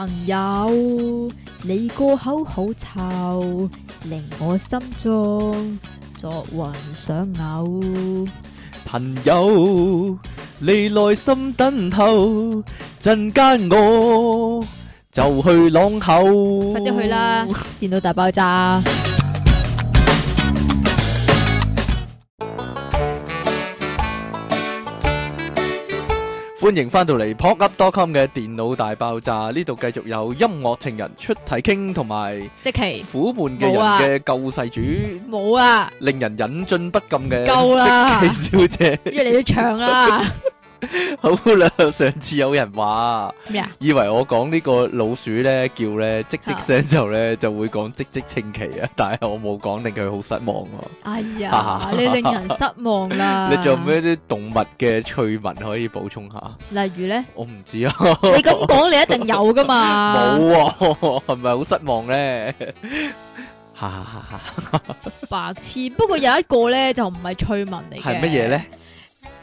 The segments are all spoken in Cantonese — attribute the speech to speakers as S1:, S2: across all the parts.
S1: 朋友，你個口好臭，令我心中作暈想嘔。
S2: 朋友，你耐心等候，陣間我就去朗口。快啲去啦！
S1: 電腦大爆炸。
S2: 歡迎翻到嚟 pop up.com 嘅電腦大爆炸，呢度繼續有音樂情人出體 King 同埋積淇苦悶嘅人嘅救世主
S1: 冇啊，
S2: 啊，令人忍俊不禁嘅救啦，積淇小姐越嚟越長啦。 好啦，上次有人話咩啊？以為我講呢個老鼠咧叫咧唧唧聲之後咧就會講唧唧稱奇啊，但係我冇講，令佢好失望咯、啊。
S1: 哎呀，啊、你令人失望啦、啊！你仲
S2: 有咩啲動物嘅趣聞可以補充下？
S1: 例如咧，我唔知啊。你咁講，你一定有噶嘛？冇
S2: 啊，係咪好失望咧？
S1: 白痴！不過有一個咧就唔係趣聞嚟嘅。係乜嘢咧？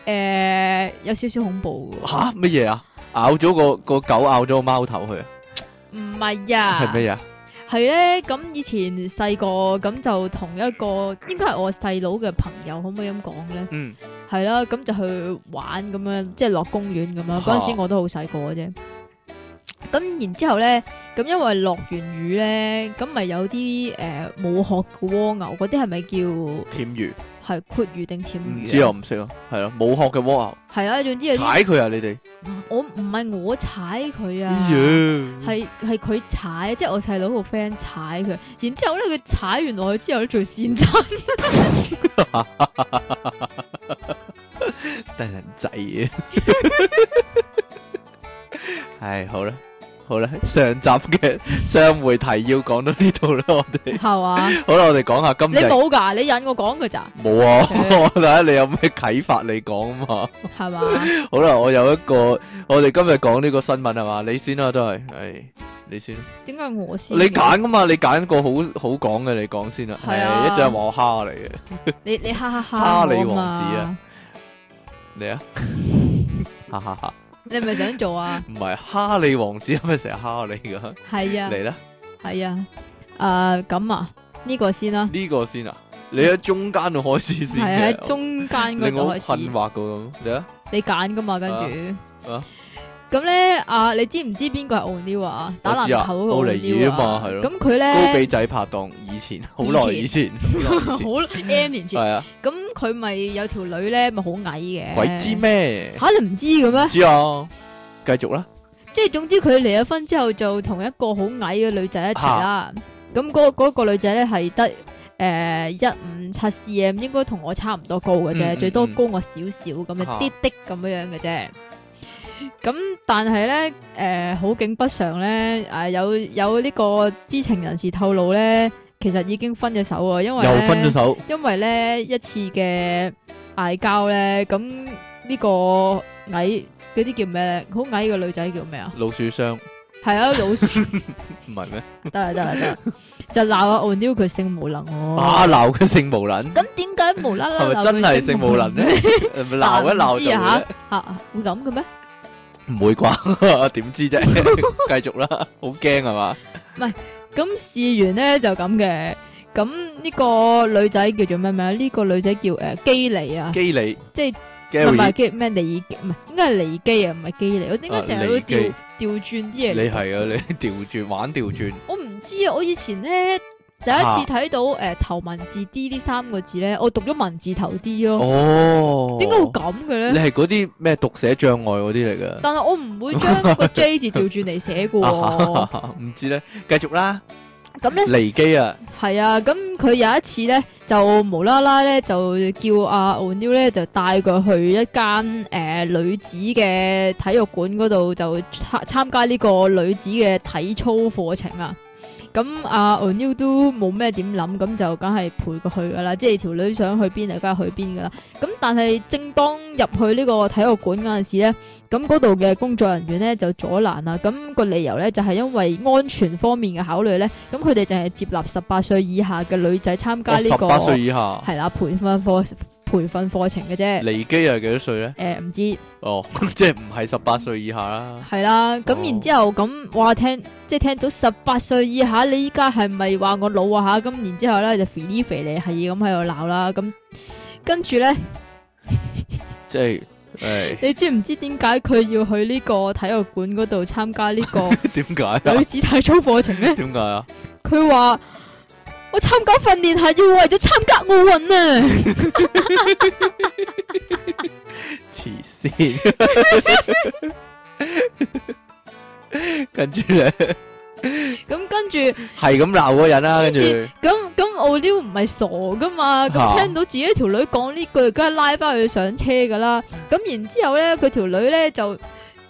S1: 誒、uh，有少少恐怖吓，
S2: 乜嘢啊？咬咗個個狗咬咗個貓頭去啊？
S1: 唔係啊？係咩嘢啊？係咧，咁以前細個咁就同一個應該係我細佬嘅朋友，可唔可以咁講咧？嗯，係啦，咁就去玩咁樣，即係落公園咁樣。嗰陣時我都好細個嘅啫。咁、啊、然之後咧，咁因為落完雨咧，咁咪有啲誒冇殼嘅蝸牛，嗰啲係咪叫舔魚？係闊魚定添魚？唔知唔
S2: 識啊，係咯、啊，冇殼嘅蝸牛。
S1: 係啊，總之、就是、踩佢啊，你哋。我唔係我踩佢啊，係係佢踩，即、就、係、是、我細佬個 friend 踩佢，然之後咧我之後咧佢踩完落去之後咧做扇針，
S2: 得人仔啊、 哎！係好啦。好啦，上集嘅上回提要講到呢度啦，我哋係嘛？好啦，我哋講下今日你冇
S1: 噶，你引我講佢咋？
S2: 冇啊，我睇下你有咩啟發，你講啊嘛？係
S1: 嘛？好
S2: 啦，我有一個，我哋今日講呢個新聞係嘛？你先啦，都係，唉，你先。
S1: 點解我先？你揀
S2: 啊嘛？你揀個好好講嘅，你講先啦。係啊，一直話我蝦嚟嘅。你
S1: 你哈哈哈，哈里王子啊？
S2: 咩啊？哈哈哈。 你係咪想做啊？唔係，哈利王子係咪成日蝦你噶？係啊，嚟啦！
S1: 係啊，誒、呃、咁啊，呢、這個先啦、
S2: 啊，呢、這個先啊，你喺中間度開始先，係 啊，喺中
S1: 間嗰度開始， 令我困
S2: 惑噶咁，你啊，
S1: 你揀噶嘛，跟住。 咁咧，啊，你知唔知邊個係奧尼哇？打籃球嗰個奧尼哇？咁佢咧，高比
S2: 仔拍檔，以前好耐以前，
S1: 好 以 N 年前。係啊。咁佢咪有條女咧，咪好矮嘅。鬼知咩？吓、啊，你唔知嘅咩？知啊，
S2: 繼續啦。
S1: 即係總之，佢離咗婚之後就同一個好矮嘅女仔一齊啦。咁嗰嗰個女仔咧係得誒一五七二，咁、呃、應該同我差唔多高嘅啫、嗯嗯，最多高我少少咁樣啲啲咁樣樣嘅啫。咁但係咧，誒，好景不常咧，誒，有有呢個知情人士透露咧，其實已經分咗手啊，因為咧，因為咧一次嘅嗌交咧，咁呢個矮嗰啲叫咩咧？好矮嘅女仔叫咩啊？
S2: 老鼠箱
S1: 係啊，老鼠
S2: 唔係咩？得啦得啦得，
S1: 就鬧阿 Onew 佢性無能哦，鬧
S2: 佢性無能，咁
S1: 點解無啦啦鬧佢性無能
S2: 咧？鬧一鬧啊吓
S1: 啊，會咁嘅咩？
S2: 唔會啩？點知啫？繼續啦，好驚係嘛？
S1: 唔係咁試完咧就咁嘅。咁呢個女仔叫做咩名啊？呢個女仔叫誒基尼啊。基尼即係係咪基咩尼？唔係應該係尼基啊，唔係基尼。我點解成日都調調轉啲嘢？你
S2: 係啊，你調轉玩調轉。
S1: 我唔知啊，我以前咧。第一次睇到誒頭、啊欸、文字 D 呢三個字咧，我讀咗文字頭 D 咯。哦，
S2: 點解會咁嘅咧？你係嗰啲咩讀寫障礙嗰啲嚟㗎？但
S1: 係我唔會將個 J 字調轉嚟寫喎。唔、啊啊啊啊
S2: 啊、知咧，繼續啦。
S1: 咁咧？離
S2: 機啊？
S1: 係啊，咁佢有一次咧就無啦啦咧就叫阿 Onew 咧就帶佢去一間誒、呃、女子嘅體育館嗰度就參參加呢個女子嘅體操課程啊。咁阿、啊、o n 都 l 冇咩點諗，咁就梗係陪佢去噶啦。即係條女想去邊啊，梗係去邊噶啦。咁但係，正當入去呢個體育館嗰陣時咧，咁嗰度嘅工作人員咧就阻攔啦。咁、那個理由咧就係、是、因為安全方面嘅考慮咧。咁佢哋淨係接納十八歲以下嘅女仔參加呢、這個，係、哦、啦，培訓課。培訓課程嘅啫，
S2: 離基又係幾多歲咧？誒、欸，唔知。哦、oh, 即係唔係十八歲以下啦。
S1: 係 啦、啊，咁然之後咁，哇、oh.，聽即係聽到十八歲以下，你依家係咪話我老啊吓？咁然之後咧就肥，膩肥膩，就是、呢肥嚟，係咁喺度鬧啦。咁跟住咧，
S2: 即係
S1: 誒，你知唔知點解佢要去呢個體育館嗰度參加呢個、 啊、女子體操課程咧？點解啊？佢話。我參加訓練係要為咗參加奧運啊， 慘了笑 啊！黐線！啊，跟住咧，咁跟住
S2: 係咁鬧嗰人啦。跟住，
S1: 咁咁奧利奧唔係傻噶嘛？咁聽到自己條、啊、女講呢句，梗係拉翻佢上車噶啦。咁然之後咧，佢條女咧就。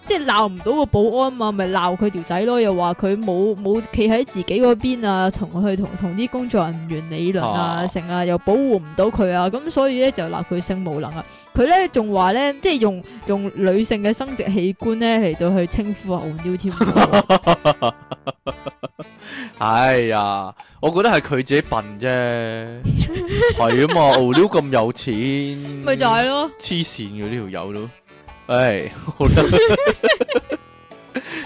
S1: 即係鬧唔到個保安嘛，咪鬧佢條仔咯，又話佢冇冇企喺自己嗰邊啊，同佢去同同啲工作人員理論啊，成啊，又保護唔到佢啊，咁所以咧就鬧佢性無能啊。佢咧仲話咧，即係用用女性嘅生殖器官咧嚟到去稱呼阿敖尿添。
S2: 哎呀，我覺得係佢自己笨啫，係 啊嘛，敖尿咁有錢，咪 就係咯，黐線嘅呢條友咯。這個哎，好啦，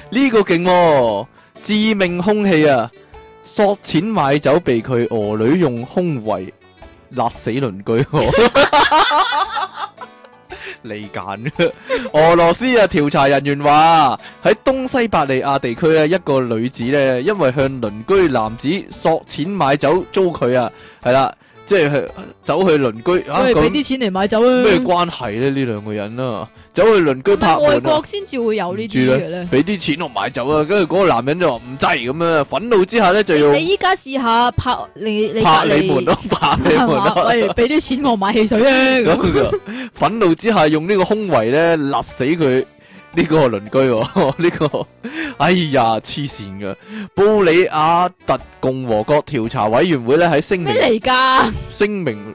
S2: 呢 個勁哦，致命空氣啊！索錢買酒被佢俄女用胸圍勒死鄰居，哦， 你揀嘅？俄羅斯啊，調查人員話喺東西伯利亞地區啊，一個女子咧，因為向鄰居男子索，索錢買酒，遭拒啊，係啦。即係走去鄰居，俾、啊、啲錢嚟
S1: 買酒、啊，咩
S2: 關係咧？呢兩個人啊，走去鄰居拍、啊、是是外國
S1: 先至會有呢啲嘅咧，俾
S2: 啲錢我買酒啊！跟住嗰個男人就話唔制咁啊！憤怒之下咧就要，你
S1: 依家試下拍你，你拍你門囉、啊、
S2: 拍你門、啊， 喂！俾
S1: 啲錢我買汽水咧、啊！
S2: 憤 這樣 怒之下用個圍呢個胸圍咧，勒死佢。呢個鄰居喎，呢個，哎呀，黐線噶！布里亞特共和國調查委員會咧喺聲明，咩嚟噶？聲明，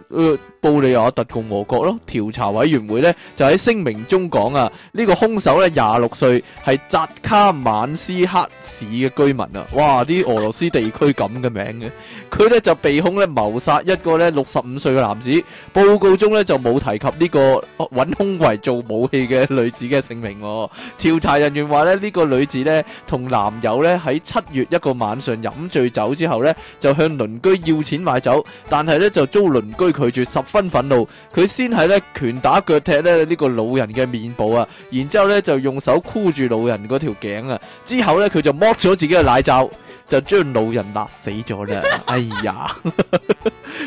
S2: 布里亞特共和國咯，調查委員會咧就喺聲明中講啊，呢個凶手咧廿六歲，係扎卡曼斯克市嘅居民啊！哇，啲俄羅斯地區咁嘅名嘅，佢咧就被控咧謀殺一個咧六十五歲嘅男子，報告中咧就冇提及呢個搵凶圍做武器嘅女子嘅姓名。調查人員話咧，呢個女子呢，同男友呢，喺七月一個晚上飲醉酒之後呢，就向鄰居要錢買酒，但係呢，就遭鄰居拒絕，十分憤怒，佢先係呢拳打腳踢咧呢個老人嘅面部啊，然之後呢就用手箍住老人嗰條頸啊，之後呢，佢就剝咗自己嘅奶罩。就將老人勒死咗啦！哎呀，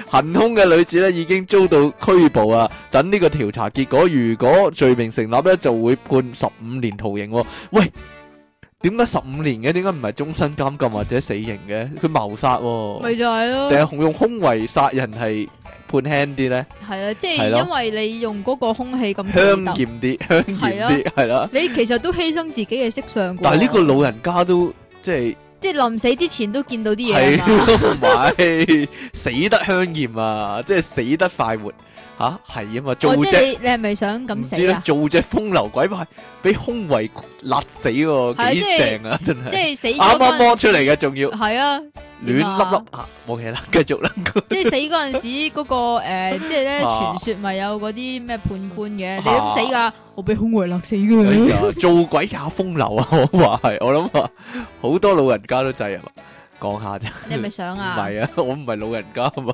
S2: 行兇嘅女子咧，已經遭到拘捕啊！等呢個調查結果，如果罪名成立咧，就會判十五年徒刑。喂，點解十五年嘅？點解唔係終身監禁或者死刑嘅？佢謀殺，咪
S1: 就係咯。定係
S2: 用胸圍殺人係判輕啲咧？
S1: 係啊，即係因為你用嗰個空氣咁香艷
S2: 啲，香艷啲係啦。你
S1: 其實都犧牲自己嘅色相。但係呢個
S2: 老人家都即係。
S1: 即係臨死之前都見到啲嘢，係、
S2: 啊、 死得香艷啊！即係死得快活，吓係啊的嘛！做隻、哦、
S1: 你係咪想咁死、啊、
S2: 做隻風流鬼咪俾胸圍勒死、啊，幾、啊、正啊！是真係即係死啱出嚟嘅，仲要係啊，
S1: 啊！亂粒粒
S2: 啊！冇嘢啦，繼續啦！即
S1: 係死嗰陣時候、那個，嗰個誒，即係咧傳說咪有嗰啲咩判官嘅、啊？你咁死噶，我俾胸圍勒死嘅。啊、
S2: 做鬼也風流啊！我話係，我諗啊，好多老人，家都制啊！講下咋？你係咪想啊？唔係啊，我唔係老人家啊嘛。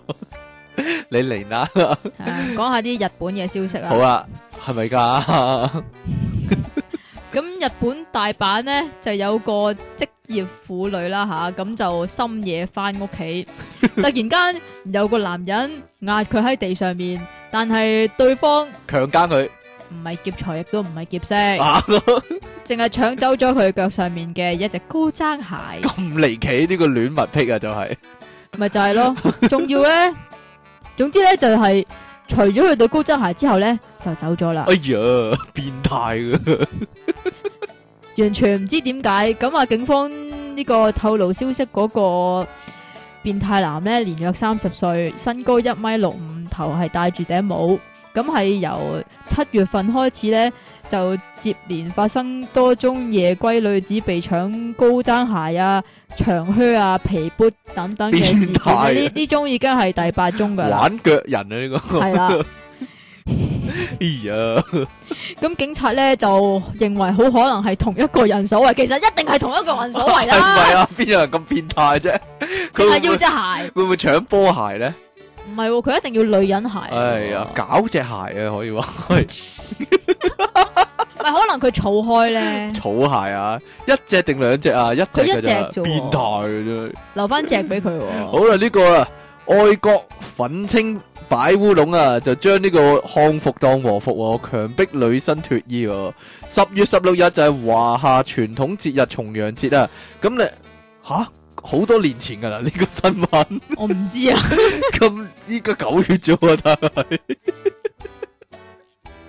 S2: 你嚟啦。
S1: 講下啲日本嘅消息啦。好啦，
S2: 係咪噶？
S1: 咁日本大阪咧就有個職業婦女啦吓，咁就深夜翻屋企，突然間有個男人壓佢喺地上面，但係對方
S2: 強姦佢。
S1: 唔係劫財亦都唔係劫色，淨係搶走咗佢腳上面嘅一隻高踭鞋。咁
S2: 離奇？呢個戀物癖啊，就係
S1: 咪就係咯？仲要呢，總之呢就係除咗佢對高踭鞋之後呢，就走咗啦。哎
S2: 呀，變態
S1: 啊！完全唔知點解。咁啊，警方呢個透露消息，嗰個變態男呢，年約三十歲，身高一米六五，頭係戴住頂帽。咁係由七月份開始咧，就接連發生多宗夜歸女子被搶高踭鞋啊、長靴啊、皮 boot 等等嘅事件。呢呢宗已經係第八宗噶啦。戀
S2: 腳人啊呢個係啦。咦啊！
S1: 咁警察咧就認為好可能係同一個人所為，其實一定係同一個人所為啦。係啊，
S2: 邊有人咁變態啫？淨係要隻鞋，會唔會搶波鞋咧？
S1: 唔係喎，佢一定要女人鞋。哎
S2: 呀，搞隻鞋啊，可以話。
S1: 唔係可能佢草開咧，
S2: 草鞋啊，一隻定兩隻啊，一佢一隻啫，變態嘅啫。
S1: 留翻隻俾佢。
S2: 好啦，呢個啊，愛國憤青擺烏龍啊，就將呢個漢服當和服，強迫女生脱衣。十月十六日就係華夏傳統節日重陽節啊，咁你吓？好多年前噶啦，呢個新聞我唔知啊，咁依家九月咗啊，但係。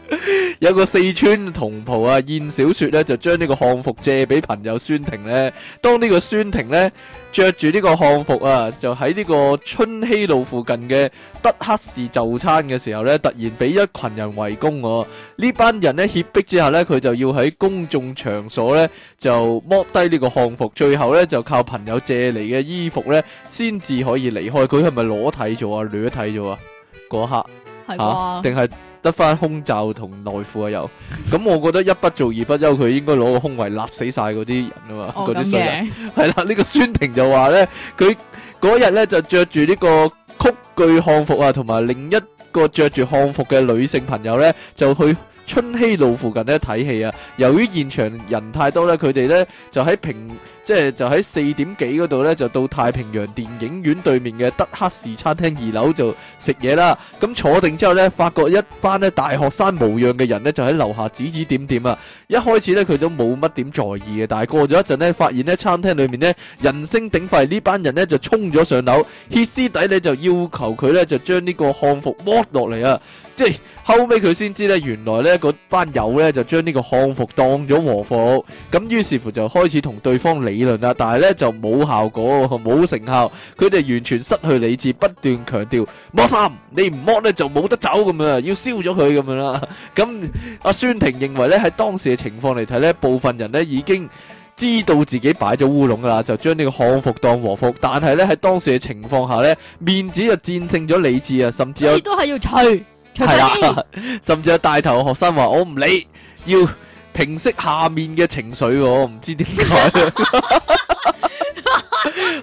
S2: 有個四川同袍啊，燕小雪咧就將呢個漢服借俾朋友孫婷呢，當呢個孫婷呢着住呢個漢服啊，就喺呢個春熙路附近嘅德克士就餐嘅時候呢，突然俾一群人圍攻我。呢班人呢，脅迫之下呢，佢就要喺公眾場所呢，就剝低呢個漢服，最後呢，就靠朋友借嚟嘅衣服呢，先至可以離開。佢係咪裸體咗啊？裸體咗啊？嗰刻定係？是得翻胸罩同內褲啊又，咁、 嗯、我覺得一不做二不休，佢應該攞個胸圍勒死晒嗰啲人啊嘛，嗰啲衰人係啦，呢、這個孫婷就話咧，佢嗰日咧就着住呢個曲裾漢服啊，同埋另一個着住漢服嘅女性朋友咧就去。春熙路附近咧睇戲啊，由於現場人太多咧，佢哋咧就喺平即係就喺四點幾嗰度咧，就到太平洋電影院對面嘅德克士餐廳二樓就食嘢啦。咁坐定之後咧，發覺一班咧大學生模樣嘅人咧就喺樓下指指點點啊。一開始咧佢都冇乜點在意嘅，但係過咗一陣咧，發現咧餐廳裏面咧人聲鼎沸，呢班人咧就衝咗上樓，歇斯底里就要求佢咧就將呢個漢服剝落嚟啊，即係。後尾佢先知咧，原來咧嗰班友咧就將呢個漢服當咗和服，咁於是乎就開始同對方理論啦。但係咧就冇效果，冇成效，佢哋完全失去理智，不斷強調：剝衫，你唔剝咧就冇得走咁樣，要燒咗佢咁樣啦。咁阿孫婷認為咧喺當時嘅情況嚟睇咧，部分人咧已經知道自己擺咗烏龍㗎啦，就將呢個漢服當和服。但係咧喺當時嘅情況下咧，面子就戰勝咗理智啊，甚至有都
S1: 係要吹。係啦、
S2: 啊，甚至有大頭學生話，我唔理，要平息下面嘅情緒，我唔知點解。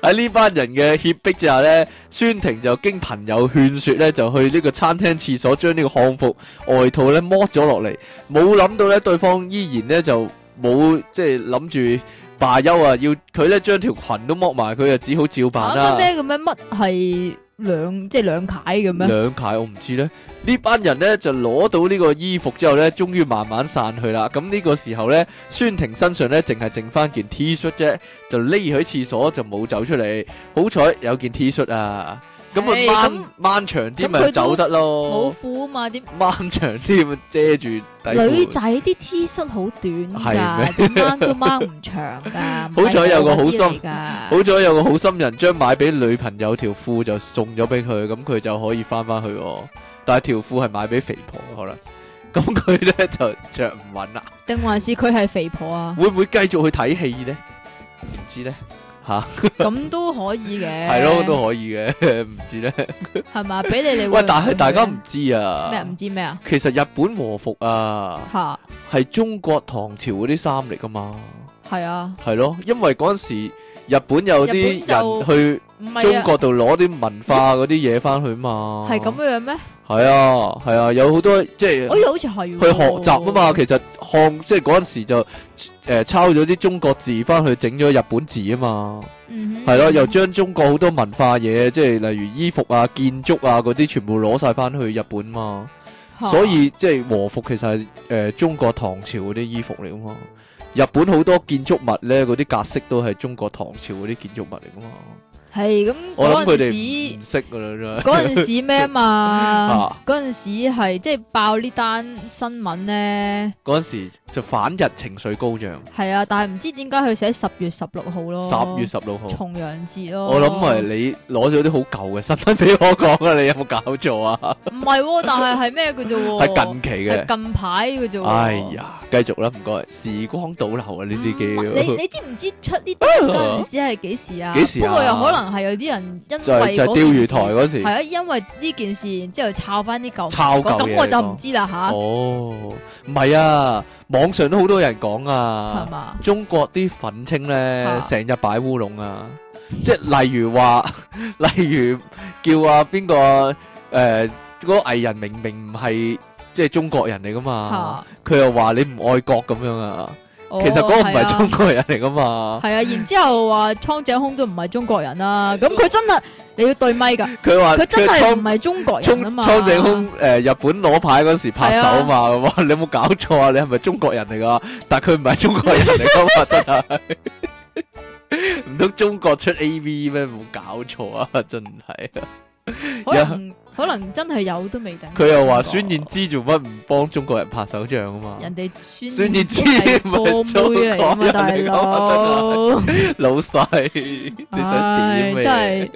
S2: 喺 呢 班人嘅脅迫之下呢，孫婷就經朋友勸說呢，就去呢個餐廳廁所將呢個漢服外套呢，剝咗落嚟。冇諗到呢，對方依然呢就冇即係諗住罷休啊，要佢呢將條裙都剝埋，佢就只好照辦啦、啊。咩
S1: 咁樣乜係？兩，即係兩楷咁樣？兩
S2: 楷我唔知咧，呢班人咧就攞到呢個衣服之後咧，終於慢慢散去啦。咁、這、呢個時候咧，孫婷身上咧淨係剩翻件 T 恤啫，就匿喺廁所就冇走出嚟。好彩有件 T 恤啊！咁咪掹掹長啲咪、嗯、走得咯，冇
S1: 褲嘛點？掹
S2: 長啲咪遮住底褲。女仔
S1: 啲 T 恤好短噶，點掹都掹唔長噶。好彩有個好心，好
S2: 彩有個好心人將買俾女朋友條褲就送咗俾佢，咁佢就可以翻翻去。但係條褲係買俾肥婆可能，咁佢咧就着唔穩啦。
S1: 定還是佢係肥婆啊？
S2: 會唔會繼續去睇戲呢？唔知咧。吓，咁
S1: 都可以嘅？係咯，都可
S2: 以嘅，唔知咧，
S1: 係嘛，俾你哋喂，但係大家唔
S2: 知啊，咩
S1: 唔知咩啊？其
S2: 實日本和服啊，吓係中國唐朝嗰啲衫嚟噶嘛，係啊，係咯，因為嗰陣時日本有啲人去中國度攞啲文化嗰啲嘢翻去嘛，係咁樣咩？係啊，係啊，有好多即係、哎，好
S1: 似、哦、去學
S2: 習啊嘛。其實漢即係嗰陣時就誒、呃、抄咗啲中國字翻去整咗日本字啊嘛。嗯哼，係咯、啊，又將中國好多文化嘢，即係例如衣服啊、建築啊嗰啲，全部攞晒翻去日本嘛。啊、
S1: 所以
S2: 即係和服其實係誒、呃、中國唐朝嗰啲衣服嚟啊嘛。日本好多建築物呢，嗰啲格式都係中國唐朝嗰啲建築物嚟啊嘛。
S1: 係咁，嗰陣時唔
S2: 識噶啦，嗰陣時咩
S1: 嘛？嗰 陣、啊、時係即係爆呢單新聞咧。嗰
S2: 陣時就反日情緒高漲。
S1: 係啊，但係唔知點解佢寫十月十六號咯。十月
S2: 十六號重
S1: 陽節咯。我諗係
S2: 你攞咗啲好舊嘅新聞俾我講啊！你有冇搞錯啊？唔係、哦，但係
S1: 係咩嘅啫？係 近期嘅近排嘅啫。哎呀！
S2: 繼續啦，唔該。時光倒流啊，呢啲機。你你知唔
S1: 知出呢件事係幾時啊？幾時？不過又可能係有啲人因為。就就釣魚台嗰時。係啊，因為呢件事然之後抄翻啲舊。抄舊嘅。咁我就唔知啦吓。哦，唔
S2: 係啊，網上都好多人講啊。係嘛。中國啲憤青咧，成日擺烏龍啊！即係例如話，例如叫啊邊個誒，嗰個藝人明明唔係。即係中國人嚟噶嘛？佢又話你唔愛國咁樣啊？其實嗰個唔係中國人嚟噶嘛？係啊，然
S1: 之後話蒼井空都唔係中國人啊。咁佢真係你要對咪噶？佢話佢真係唔係中國人啊嘛？蒼井空
S2: 誒，日本攞牌嗰時拍手嘛？你有冇搞錯啊？你係咪中國人嚟噶？但係佢唔係中國人嚟噶嘛？真係唔通中國出 AV 咩？冇搞錯啊！真係。 可能
S1: 可能真係有都未定。佢又話孫
S2: 燕姿做乜唔幫中國人拍手掌啊？嘛，
S1: 人哋孫燕姿係 孫燕之笑國嚟 大哥 老闆 啊，大佬
S2: 老細你想點真係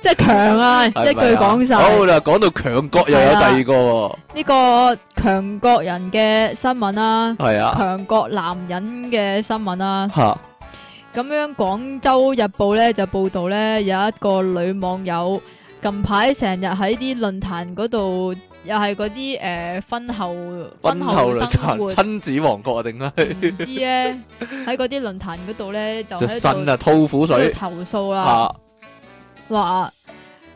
S1: 真係強啊， 啊！一句講晒啦，
S2: 講、oh，到強國 又有第二個呢、
S1: 這個強國人嘅新聞啦，係啊，強 國男人嘅新聞啦、啊，吓 咁、啊、 樣，《廣州日報呢》咧就報道咧有一個女網友。近排成日喺啲論壇嗰度，又係嗰啲誒婚後婚後生活親
S2: 子王國啊，定啊！點知咧
S1: 喺嗰啲論壇嗰度咧，就喺度
S2: 吐苦水
S1: 投訴啦，話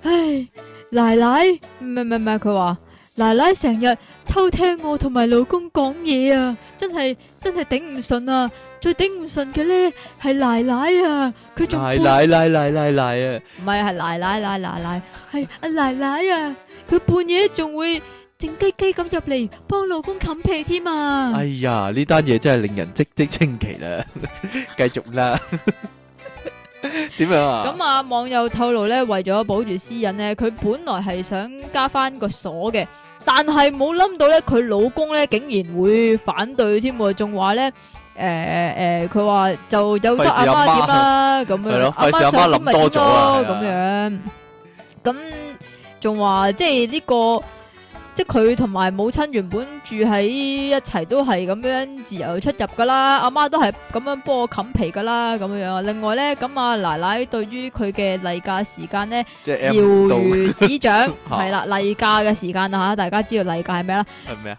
S1: 唉奶奶唔係唔係唔係佢話奶奶成日偷聽我同埋老公講嘢啊，真係真係頂唔順啊！最頂唔順嘅咧係奶奶啊，佢
S2: 仲奶奶奶奶奶奶啊，
S1: 唔係係奶奶奶奶奶奶係阿奶奶啊，佢半夜仲會靜雞雞咁入嚟幫老公冚被添啊！
S2: 哎呀，呢單嘢真係令人嘖嘖稱奇啦，繼續啦，點
S1: 樣啊？咁啊，網友透露咧，為咗保住私隱咧，佢本來係想加翻個鎖嘅，但係冇諗到咧，佢老公咧竟然會反對添喎，仲話咧。誒、呃、誒，佢、呃、話就有得阿媽點啦，咁樣阿媽想諗多咗，咁樣，咁仲話即係呢個。即係佢同埋母親原本住喺一齊都係咁樣自由出入噶啦，阿媽都係咁樣幫我冚被噶啦咁樣。另外咧，咁阿奶奶對於佢嘅例假時間咧，瞭如指掌，係 啦對了，例 假嘅時間啊。嚇，大家知道例假係咩啦？係咩啊？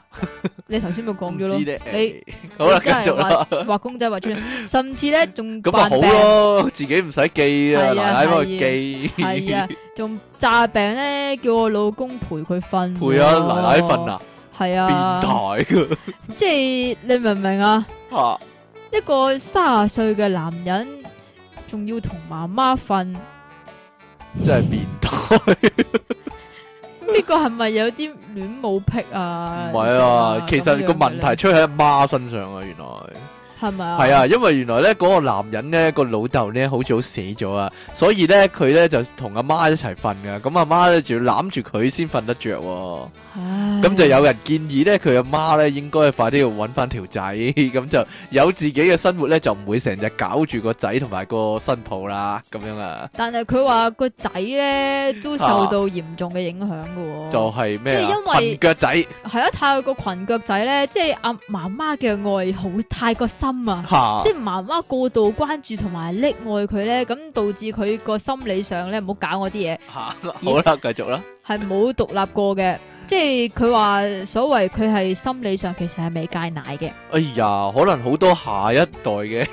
S1: 你頭先咪講咗咯？你好啦，繼續啦。畫公仔畫出，甚至咧仲扮病咯，
S2: 自己唔使記啊，奶奶幫佢記。係啊，
S1: 仲詐病咧，叫我老公陪佢瞓。陪啊！奶奶瞓啊，係、哦、啊，變態噶，即係你明唔明啊？吓、啊，一個三十歲嘅男人仲要同媽媽瞓，
S2: 真係變態。
S1: 呢 個係咪有啲戀母癖啊？唔係啊，其實個問題出
S2: 喺阿媽身上啊，原來。係咪啊？係啊，因為原來咧嗰、嗰個男人咧、嗰個老豆咧好早死咗啊，所以咧佢咧就同阿媽一齊瞓噶，咁阿媽咧仲要攬住佢先瞓得着、哦，咁就有人建議咧佢阿媽咧應該快啲要搵翻條仔，咁就有自己嘅生活咧就唔會成日搞住個仔同埋個新抱啦咁樣啊。
S1: 但係佢話個仔咧都受到嚴重嘅影響噶、哦啊，
S2: 就係咩因裙腳仔
S1: 係啊，太、就、下、係啊、個裙腳仔咧，即係阿媽媽嘅愛好太過深。啊啊、即係媽媽過度關注同埋溺愛佢咧，咁導致佢個心理上咧唔好搞我啲嘢，啊。
S2: 好啦，繼續啦，
S1: 係冇獨立過嘅。即係佢話所謂佢係心理上其實係未戒奶嘅。
S2: 哎呀，可能好多下一代嘅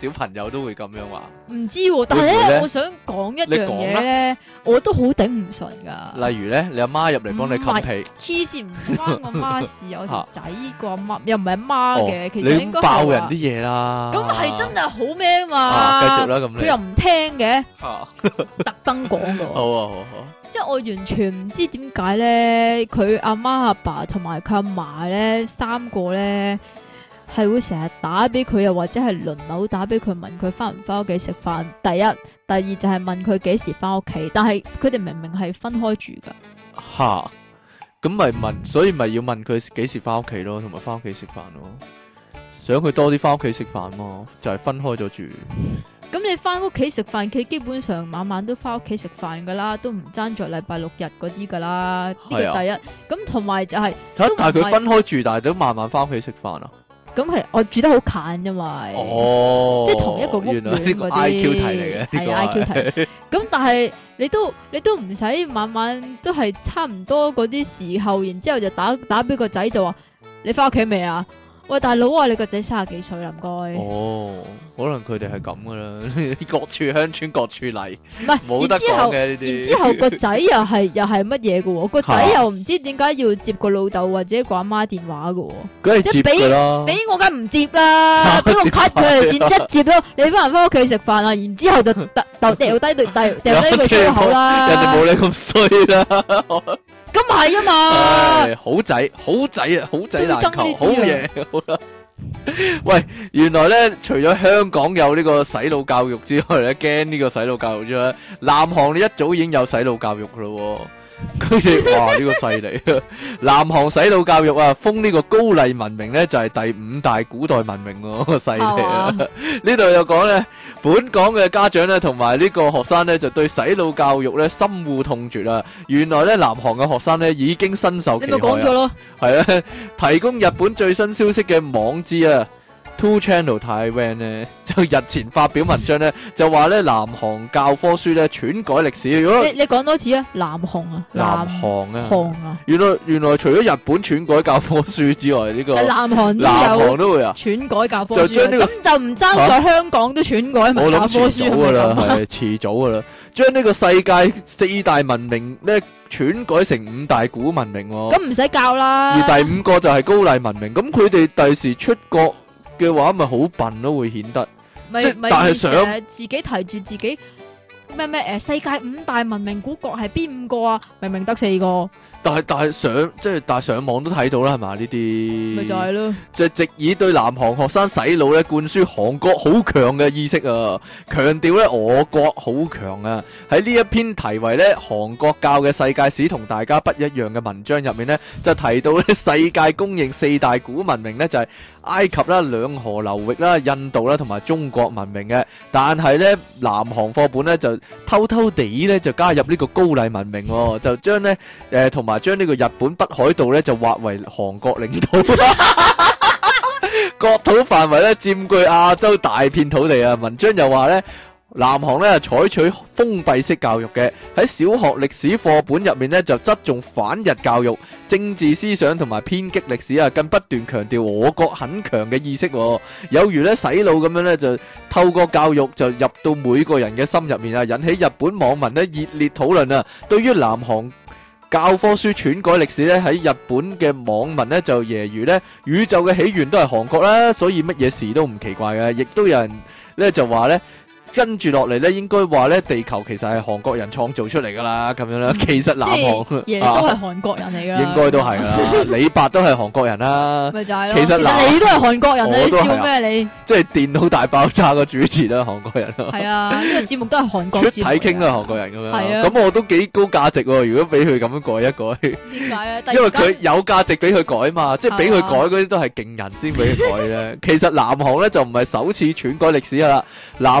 S2: 小朋友都會咁樣話。
S1: 唔知，但係咧我想講一樣嘢咧，我都好頂唔順噶。
S2: 例如咧，你阿媽入嚟幫你冚被，
S1: 黐線，唔關我媽事啊！我條仔個阿媽又唔係阿媽嘅，其實應該係話。你爆人
S2: 啲嘢啦，咁係真
S1: 係好咩啊嘛？繼續啦，咁樣。佢又唔聽嘅，
S2: 特登講我。好啊，好。
S1: 因為我完全唔知點解咧，佢阿媽阿爸同埋佢阿嫲咧三個咧係會成日打俾佢，又或者係輪流打俾佢問佢翻唔翻屋企食飯？第一，第二就係問佢幾時翻屋企，但係佢哋明明係分開住噶。
S2: 吓，咁咪問，所以咪要問佢幾時翻屋企咯，同埋翻屋企食飯咯。想佢多啲翻屋企食飯嘛？就係、是、分開咗住。
S1: 咁、嗯、你翻屋企食飯，佢基本上晚晚都翻屋企食飯噶啦，都唔爭在禮拜六日嗰啲噶啦。呢個、啊、第一。咁同埋就係、是，但係佢分開
S2: 住，但係都慢慢翻屋企食飯啊。
S1: 咁、嗯、係我住得好近啫嘛。哦，即係同一個屋苑嗰啲。原來啲 I Q 題嚟嘅。係 I Q 題。咁 但係你都你都唔使晚晚都係差唔多嗰啲時候，然之後就打打俾個仔就話你翻屋企未啊？喂，大佬啊，你個仔卅幾歲啦唔該。哦，
S2: 可能佢哋係咁噶啦，各處鄉村各處嚟，唔係冇得講嘅呢啲。然之後個仔又
S1: 係又係乜嘢喎？個 仔又唔知點解要接個老豆或者個阿媽電話噶？梗係接佢俾我梗唔接啦，俾我 cut 佢哋先，一接咯。你翻返翻屋企食飯啊？然之後就特掉低對第掉低個口啦。人哋冇你
S2: 咁衰啦。
S1: 咁係啊嘛，
S2: 好仔好仔啊，好仔難求，好嘢，好啦。喂， 原來咧除咗香港有呢個洗腦教育之外咧，驚呢個洗腦教育之外，南韓你一早已經有洗腦教育噶咯。佢哋哇呢個犀利，南韓洗腦教育啊，封呢個高麗文明咧就係第五大古代文明哦，犀利啊！呢度又講咧，本港嘅家長咧同埋呢個學生咧就對洗腦教育咧深惡痛絕啊！原來咧南韓嘅學生咧已經身受其害，你咪講咗咯，係啊！提供日本最新消息嘅網誌啊！Two channel 太 van 咧，就日前發表文章咧，就話咧南韓教科書咧篡改歷史。如果你
S1: 你講多次啊，南韓啊，南
S2: 韓啊，韓啊，原來原來除咗日本篡改教科書之外，呢、呢個南韓都有南韓都會啊篡
S1: 改教科書、呢個，咁就唔爭在、啊、香港都篡改，改教科書。我諗遲早噶啦，係
S2: 遲早噶啦，將呢個世界四大文明咧篡改成五大古文明、哦。咁
S1: 唔使教啦。而第
S2: 五個就係高麗文明，咁佢哋第時出國。嘅話咪好笨咯，會顯得
S1: 咪，係、呃，自己提住自己咩咩誒？世界五大文明古國係邊五個啊？明明得四個。
S2: 但係上即係上網都睇到啦，係嘛？呢啲咪就係咯，就係直以對南韓學生洗腦咧，灌輸韓國好強嘅意識啊，強調咧我國好強啊！喺呢一篇題為咧韓國教嘅世界史同大家不一樣嘅文章入面咧，就提到咧世界公認四大古文明咧就係埃及啦、兩河流域啦、印度啦同埋中國文明嘅，但係咧南韓課本咧就偷偷地咧就加入呢個高麗文明喎，就將咧誒同埋。呃將呢個日本北海道呢就劃為韓國領土，國土範圍呢佔據亞洲大片土地啊！文章又話呢，南韓呢採取封閉式教育嘅，喺小學歷史課本入面呢就側重反日教育，政治思想同埋偏激歷史啊，更不斷強調我國很強嘅意識，有如呢洗腦咁樣呢，就透過教育就入到每個人嘅心入面啊，引起日本網民呢熱烈討論啊！對於南韓。教科書篡改歷史咧，喺日本嘅網民咧就揶揄咧，宇宙嘅起源都係韓國啦，所以乜嘢事都唔奇怪嘅，亦都有人咧就話咧。跟住落嚟咧，應該話咧地球其實係韓國人創造出嚟噶啦，咁樣啦其實南韓，耶穌係韓國人嚟
S1: 噶、啊。應
S2: 該都係啦， 李白都係韓國人啦。咪就係咯。其實你都係韓國人啦、啊、你笑咩、啊、你？即係電腦大爆炸個主持啦，韓國人咯。係啊，呢、呢
S1: 個節目都係韓國節目。出體 king
S2: 啦，韓國人咁樣。係啊。咁、啊、我都幾高價值喎、啊，如果俾佢咁樣改一改。點解啊？
S1: 因為佢有
S2: 價值俾佢改嘛，啊、即係俾佢改嗰啲都係勁人先俾佢改咧。 其實南韓咧就唔係首次篡改歷史啊，南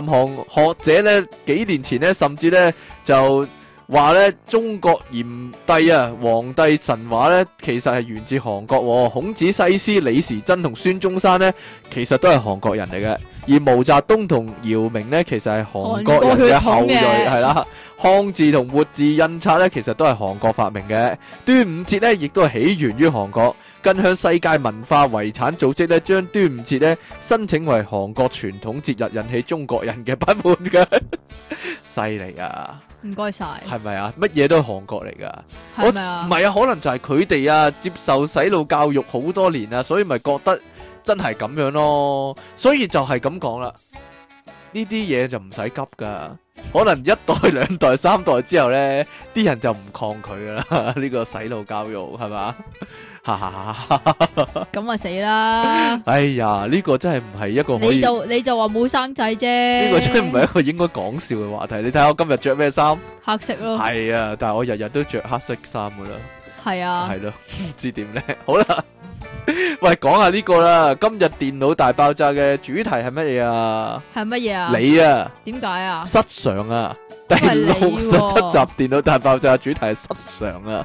S2: 學者咧幾年前咧，甚至咧就話咧中國炎帝啊、黃帝神話咧，其實係源自韓國。孔子、西施、李時珍同孫中山咧，其實都係韓國人嚟嘅。而毛澤東同姚明咧，其實係韓國人嘅後裔，係啦。漢字同活字印刷咧，其實都係韓國發明嘅。端午節咧，亦都係起源於韓國。更向世界文化遺產組織咧，將端午節咧申請為韓國傳統節日，引起中國人嘅不滿嘅。犀利啊！
S1: 唔該晒。係
S2: 咪啊？乜嘢都係韓國嚟噶？係咪啊？唔係啊？可能就係佢哋啊，接受洗腦教育好多年啊，所以咪覺得。真係咁樣咯，所以就係咁講啦。呢啲嘢，就唔使急噶，可能一代、兩代、三代之後咧，啲人就唔抗拒噶啦。呢個洗腦教育係嘛？
S1: 咁啊死啦！
S2: 哎呀，呢個真係唔係一個可以你就
S1: 你就話冇生仔啫？呢個真係唔係一
S2: 個應該講笑嘅話題。你睇下我今日着咩衫？
S1: 黑色咯。係
S2: 啊，但係我日日都着黑色衫噶啦。係啊，係咯，唔知點咧。好啦，喂，講下呢個啦。今日電腦大爆炸嘅主題係乜嘢啊？係乜嘢啊？
S1: 你啊？點解啊？失
S2: 常啊！
S1: 第六十七集
S2: 電腦大爆炸嘅主題係失常啊！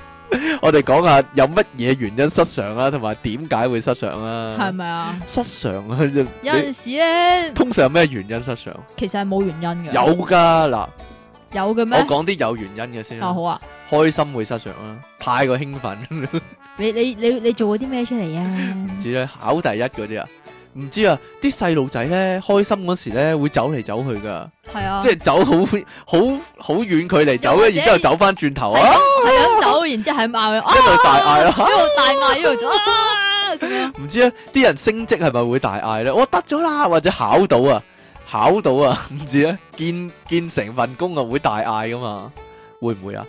S2: 我哋講下有乜嘢原因失常啊，同埋點解會失常啊？係咪啊？失常啊！有陣
S1: 時咧，通
S2: 常有咩原因失常？
S1: 其實係冇原因㗎。有噶嗱。有嘅咩？我
S2: 講啲有原因嘅先、啊。好啊。開心會失常啦，太過興奮 。
S1: 你你你你做過啲咩出嚟啊？
S2: 知係考第一嗰啲啊？唔知啊，啲細路仔咧開心嗰時咧會走嚟走去噶。係啊。即係走好好好遠距離走，然之後走翻轉頭啊。
S1: 係咁、啊啊、走，然之後係咁嗌。一路大嗌咯。一路大嗌一路走。
S2: 唔知啊，啲、啊、人升職係咪會大嗌咧？我、哦、得咗啦，或者考到啊。考到啊，唔知啊，見見成份工啊，會大嗌噶嘛？會唔會啊？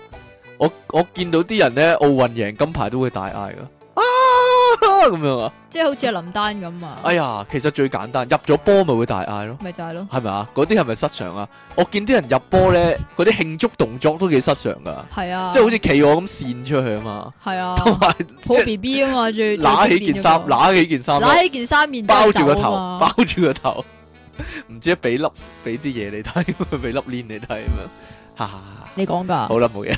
S2: 我我見到啲人咧，奧運贏金牌都會大嗌噶，啊咁樣啊，
S1: 即係好似阿林丹咁啊。哎
S2: 呀，其實最簡單，入咗波咪會大嗌咯，咪就係咯，係咪啊？嗰啲係咪失常啊？我見啲人入波咧，嗰啲慶祝動作都幾失常噶，係啊，即係好似企鵝咁扇出去啊嘛，係啊，同
S1: 埋抱 B B 啊嘛，最拿起件衫，拿起件衫，揦起件衫面，包住個頭，
S2: 包住個頭。 唔 知俾粒俾啲嘢你睇，俾粒鏈你睇咩？吓，
S1: 你講㗎？好
S2: 啦，冇嘢。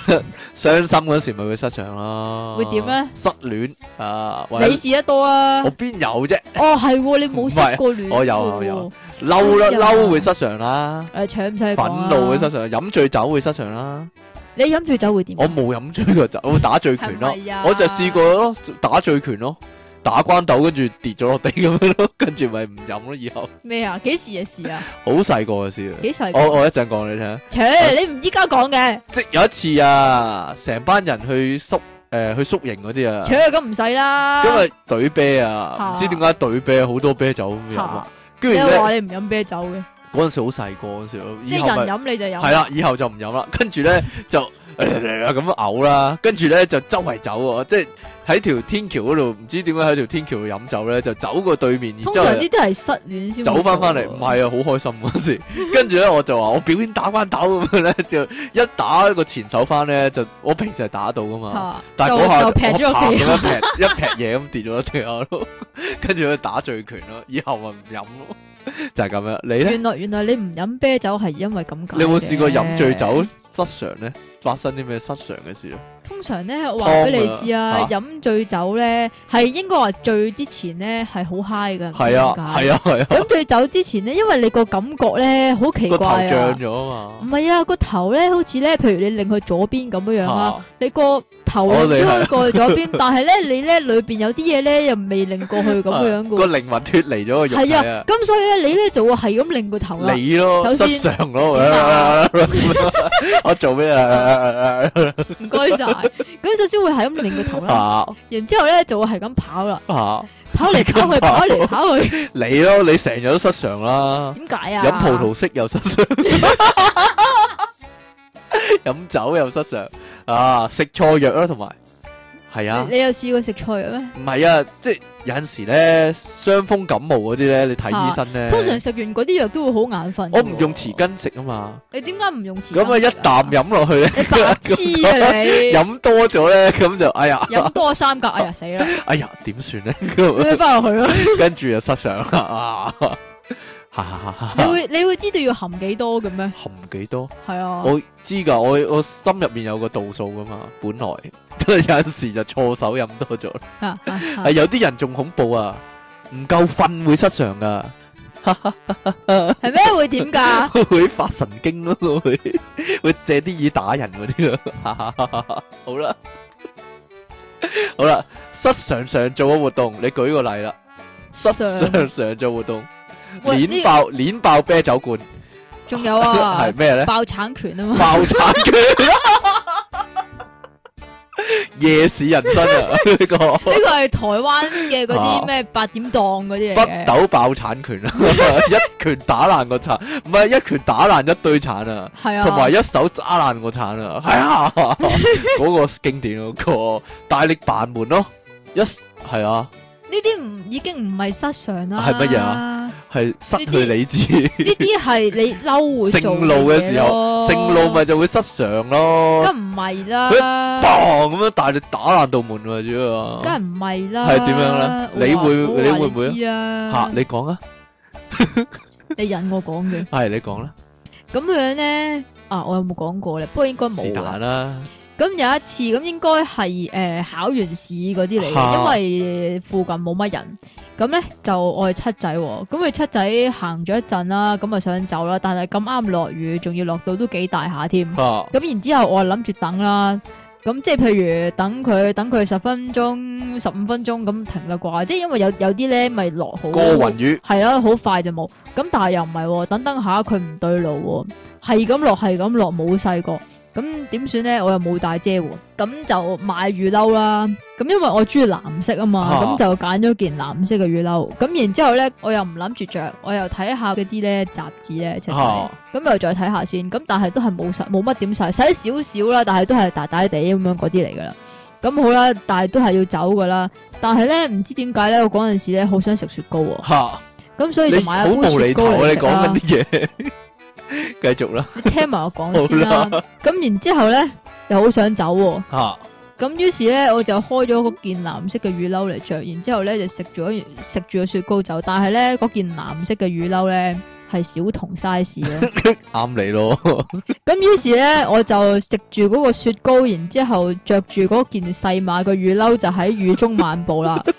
S2: 傷心嗰時咪會失常咯。會點咧？失戀啊！你試得
S1: 多啊？我
S2: 邊有啫？哦，
S1: 係、哦、你冇試過戀。我有我有，有，有。
S2: 嬲啦，嬲會失常啦。
S1: 誒、呃，詳細講。憤怒會失
S2: 常，飲醉酒會失常啦。你飲醉酒會點？我冇飲醉過酒，打醉拳咯、 啊。我就試過咯，打醉拳咯。打關斗，跟住跌咗落地咁樣咯，跟住咪唔飲咯以後。
S1: 咩啊？幾時嘅事啊？
S2: 好細個嘅事。幾細個？我我一陣講你聽。
S1: 扯、啊！你唔依家講嘅。即有
S2: 一次啊，成班人去宿、呃、去宿營嗰啲啊。扯，
S1: 咁唔使啦。因啊
S2: 對啤啊，唔、啊、知點解對啤好多啤酒咁樣、啊。我、啊、
S1: 話你唔飲啤酒嘅。嗰陣
S2: 時好細個嗰時，即人飲你就飲。係啦，以後就唔飲啦。跟住咧就。 咁啊嘔啦，跟住咧就周圍走喎，即係喺條天橋嗰度唔知點樣喺條天橋度飲酒咧，就走過對面。通常啲都
S1: 係失戀先。走翻翻
S2: 嚟，唔係啊，好開心嗰時。跟住咧我就話我表演打翻斗咁樣咧，就一打個前手翻咧就我平時就係打到噶嘛。啊、但係嗰下就就我爬咁一劈 一劈嘢咁跌咗跌下咯，跟住去打醉拳咯。以後咪唔飲咯，就係、是、咁樣。你咧？原
S1: 來原來你唔飲啤酒係因為咁。你有冇試過飲醉酒
S2: 失常咧？發生啲咩失常嘅事啊？
S1: 通常咧，我話俾你，你知啊，飲、啊、醉酒咧係應該話醉之前咧係好嗨㗎噶，係啊，係啊，係啊。飲、啊、醉酒之前咧，因為你個感覺咧好奇怪啊，個頭脹
S2: 咗啊嘛。
S1: 唔係啊，個頭咧好似咧，譬如你擰去左邊咁樣樣、啊、啦、啊，你個頭擰咗、啊、去過左邊， 但係咧你咧裏邊有啲嘢咧又未擰過去咁樣樣個
S2: 靈魂脫離咗個肉體啊，係啊。咁、啊
S1: 啊啊、所以咧，你咧就會係咁擰個頭啊。你咯，首先失
S2: 常咯 我做咩啊？唔該晒。
S1: 咁 首先會係咁擰個頭啦、啊，然之後咧就會係咁跑啦、啊，
S2: 跑嚟
S1: 跑去， 跑嚟跑去。
S2: 你 咯跑， 你成日都失常啦。點解
S1: 啊？飲葡萄
S2: 式又失常，飲 酒又失常啊！食錯藥啦，同埋。係啊，
S1: 你，你有試過食菜嘅咩？
S2: 唔係啊，即係有陣時咧，傷風感冒嗰啲咧，你睇醫生咧、啊。通常
S1: 食完嗰啲藥都會好眼瞓。我唔
S2: 用匙羹食啊嘛。
S1: 你點解唔用匙羹？咁啊，一
S2: 啖飲落去。白痴啊你！飲 多咗咧，咁就哎呀！飲
S1: 多三格哎呀死
S2: 啦！哎呀，點算咧？咁咪翻落去咯。 跟住又失常啦。啊 你會
S1: 你會知道要含幾多嘅咩？含幾多？係啊，我
S2: 知噶，我我心入面有個度數噶嘛。本來，但係有時就錯手飲多咗。
S1: 係 有
S2: 啲人仲恐怖啊！唔夠瞓會失常噶，
S1: 係 咩？會點噶？
S2: 會發神經咯，會會借啲耳打人嗰啲咯。好啦， 好啦，失常常做嘅活動，你舉個例啦。
S1: 失常
S2: 常做活動。 碾爆碾、這個、爆啤酒罐，
S1: 仲有啊，係咩咧？爆橙拳啊嘛！爆橙拳，
S2: 夜市人生啊呢 個呢個
S1: 係台灣嘅嗰啲咩八點檔嗰啲北斗
S2: 爆橙拳啊 一，一拳打爛個橙，唔係一拳打爛一堆橙啊，係啊，同埋一手揸爛個橙啊，係啊，嗰個經典嗰、啊嗰個大力板門咯、啊，一係啊。
S1: 呢啲唔已經唔係失常啦，係乜嘢啊？
S2: 係失去理智。呢啲係
S1: 你嬲會做嘅嘢。盛怒嘅時候，盛怒
S2: 咪就會失常咯。梗
S1: 唔係啦。佢一磅
S2: 咁樣，但係你打爛道門喎，主要。梗
S1: 唔係啦。係點樣咧？你會你會唔會啊？吓，你講啊！你引我講嘅。
S2: 係你講啦。
S1: 咁樣咧啊，我有冇講過咧？不過應該冇啦。咁有一次咁，應該係、呃、考完試嗰啲嚟嘅，因為附近冇乜人。咁咧就我哋七仔、哦，咁佢七仔行咗一陣啦，咁啊想走啦，但係咁啱落雨，仲要落到都幾大下添。咁、啊、然之後我就諗住等啦，咁即係譬如等佢等佢十分鐘、十五分鐘咁停啦啩，即係因為有有啲咧咪落好過雲雨，係啦、啊，好快就冇。咁但係又唔係、哦，等等下佢唔對路、哦，係咁落係咁落冇細個。咁點算咧？我又冇帶遮喎，咁就買雨褸啦。咁因為我中意藍色啊嘛，咁、啊、就揀咗件藍色嘅雨褸。咁然之後咧，我又唔諗住着，我又睇下嗰啲咧雜誌咧，就咁、啊、又再睇下先。咁但係都係冇冇乜點晒，洗少少啦。但係都係大大地咁樣嗰啲嚟噶啦。咁好、啊、是是啦，但係都係要走噶啦。但係咧，唔知點解咧，我嗰陣時咧好想食雪糕喎、哦。咁、啊、所以就買咗杯雪糕嚟食、
S2: 啊。 繼續啦， 你
S1: 聽埋我講先啦、啊。咁然之後咧，又好想走喎、啊。吓、啊、咁，於是呢，我就開咗嗰件藍色嘅雨褸嚟着，然之後咧就食咗食住個雪糕走。但係呢，嗰件藍色嘅雨褸呢，係小童 size 嘅，
S2: 啱你咯。
S1: 咁於是呢，我就食住嗰個雪糕，然之後着住嗰件細碼嘅雨褸，就喺雨中漫步啦。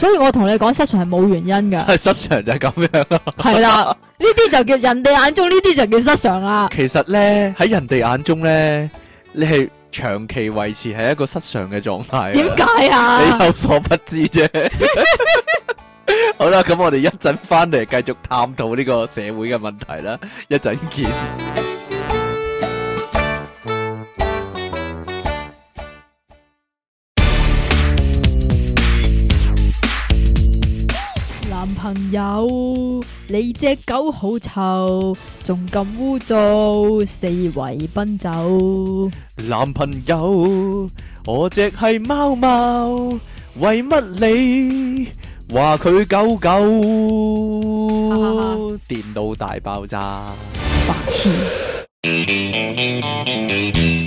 S1: 所以我同你講失常係冇原因㗎，
S2: 失常就係咁樣咯、啊。 係啦，
S1: 呢啲就叫人哋眼中呢啲 就叫失常啦、啊。
S2: 其實咧喺人哋眼中咧，你係長期維持係一個失常嘅狀態。點解啊？你有所不知啫。 好啦，咁我哋一陣翻嚟繼續探討呢個社會嘅問題啦。一陣見。
S1: 朋友，你隻狗好臭，仲咁污糟，四圍奔走。
S2: 男朋友，我只係貓貓，為乜你話佢狗狗？ 電腦大爆炸， 白痴。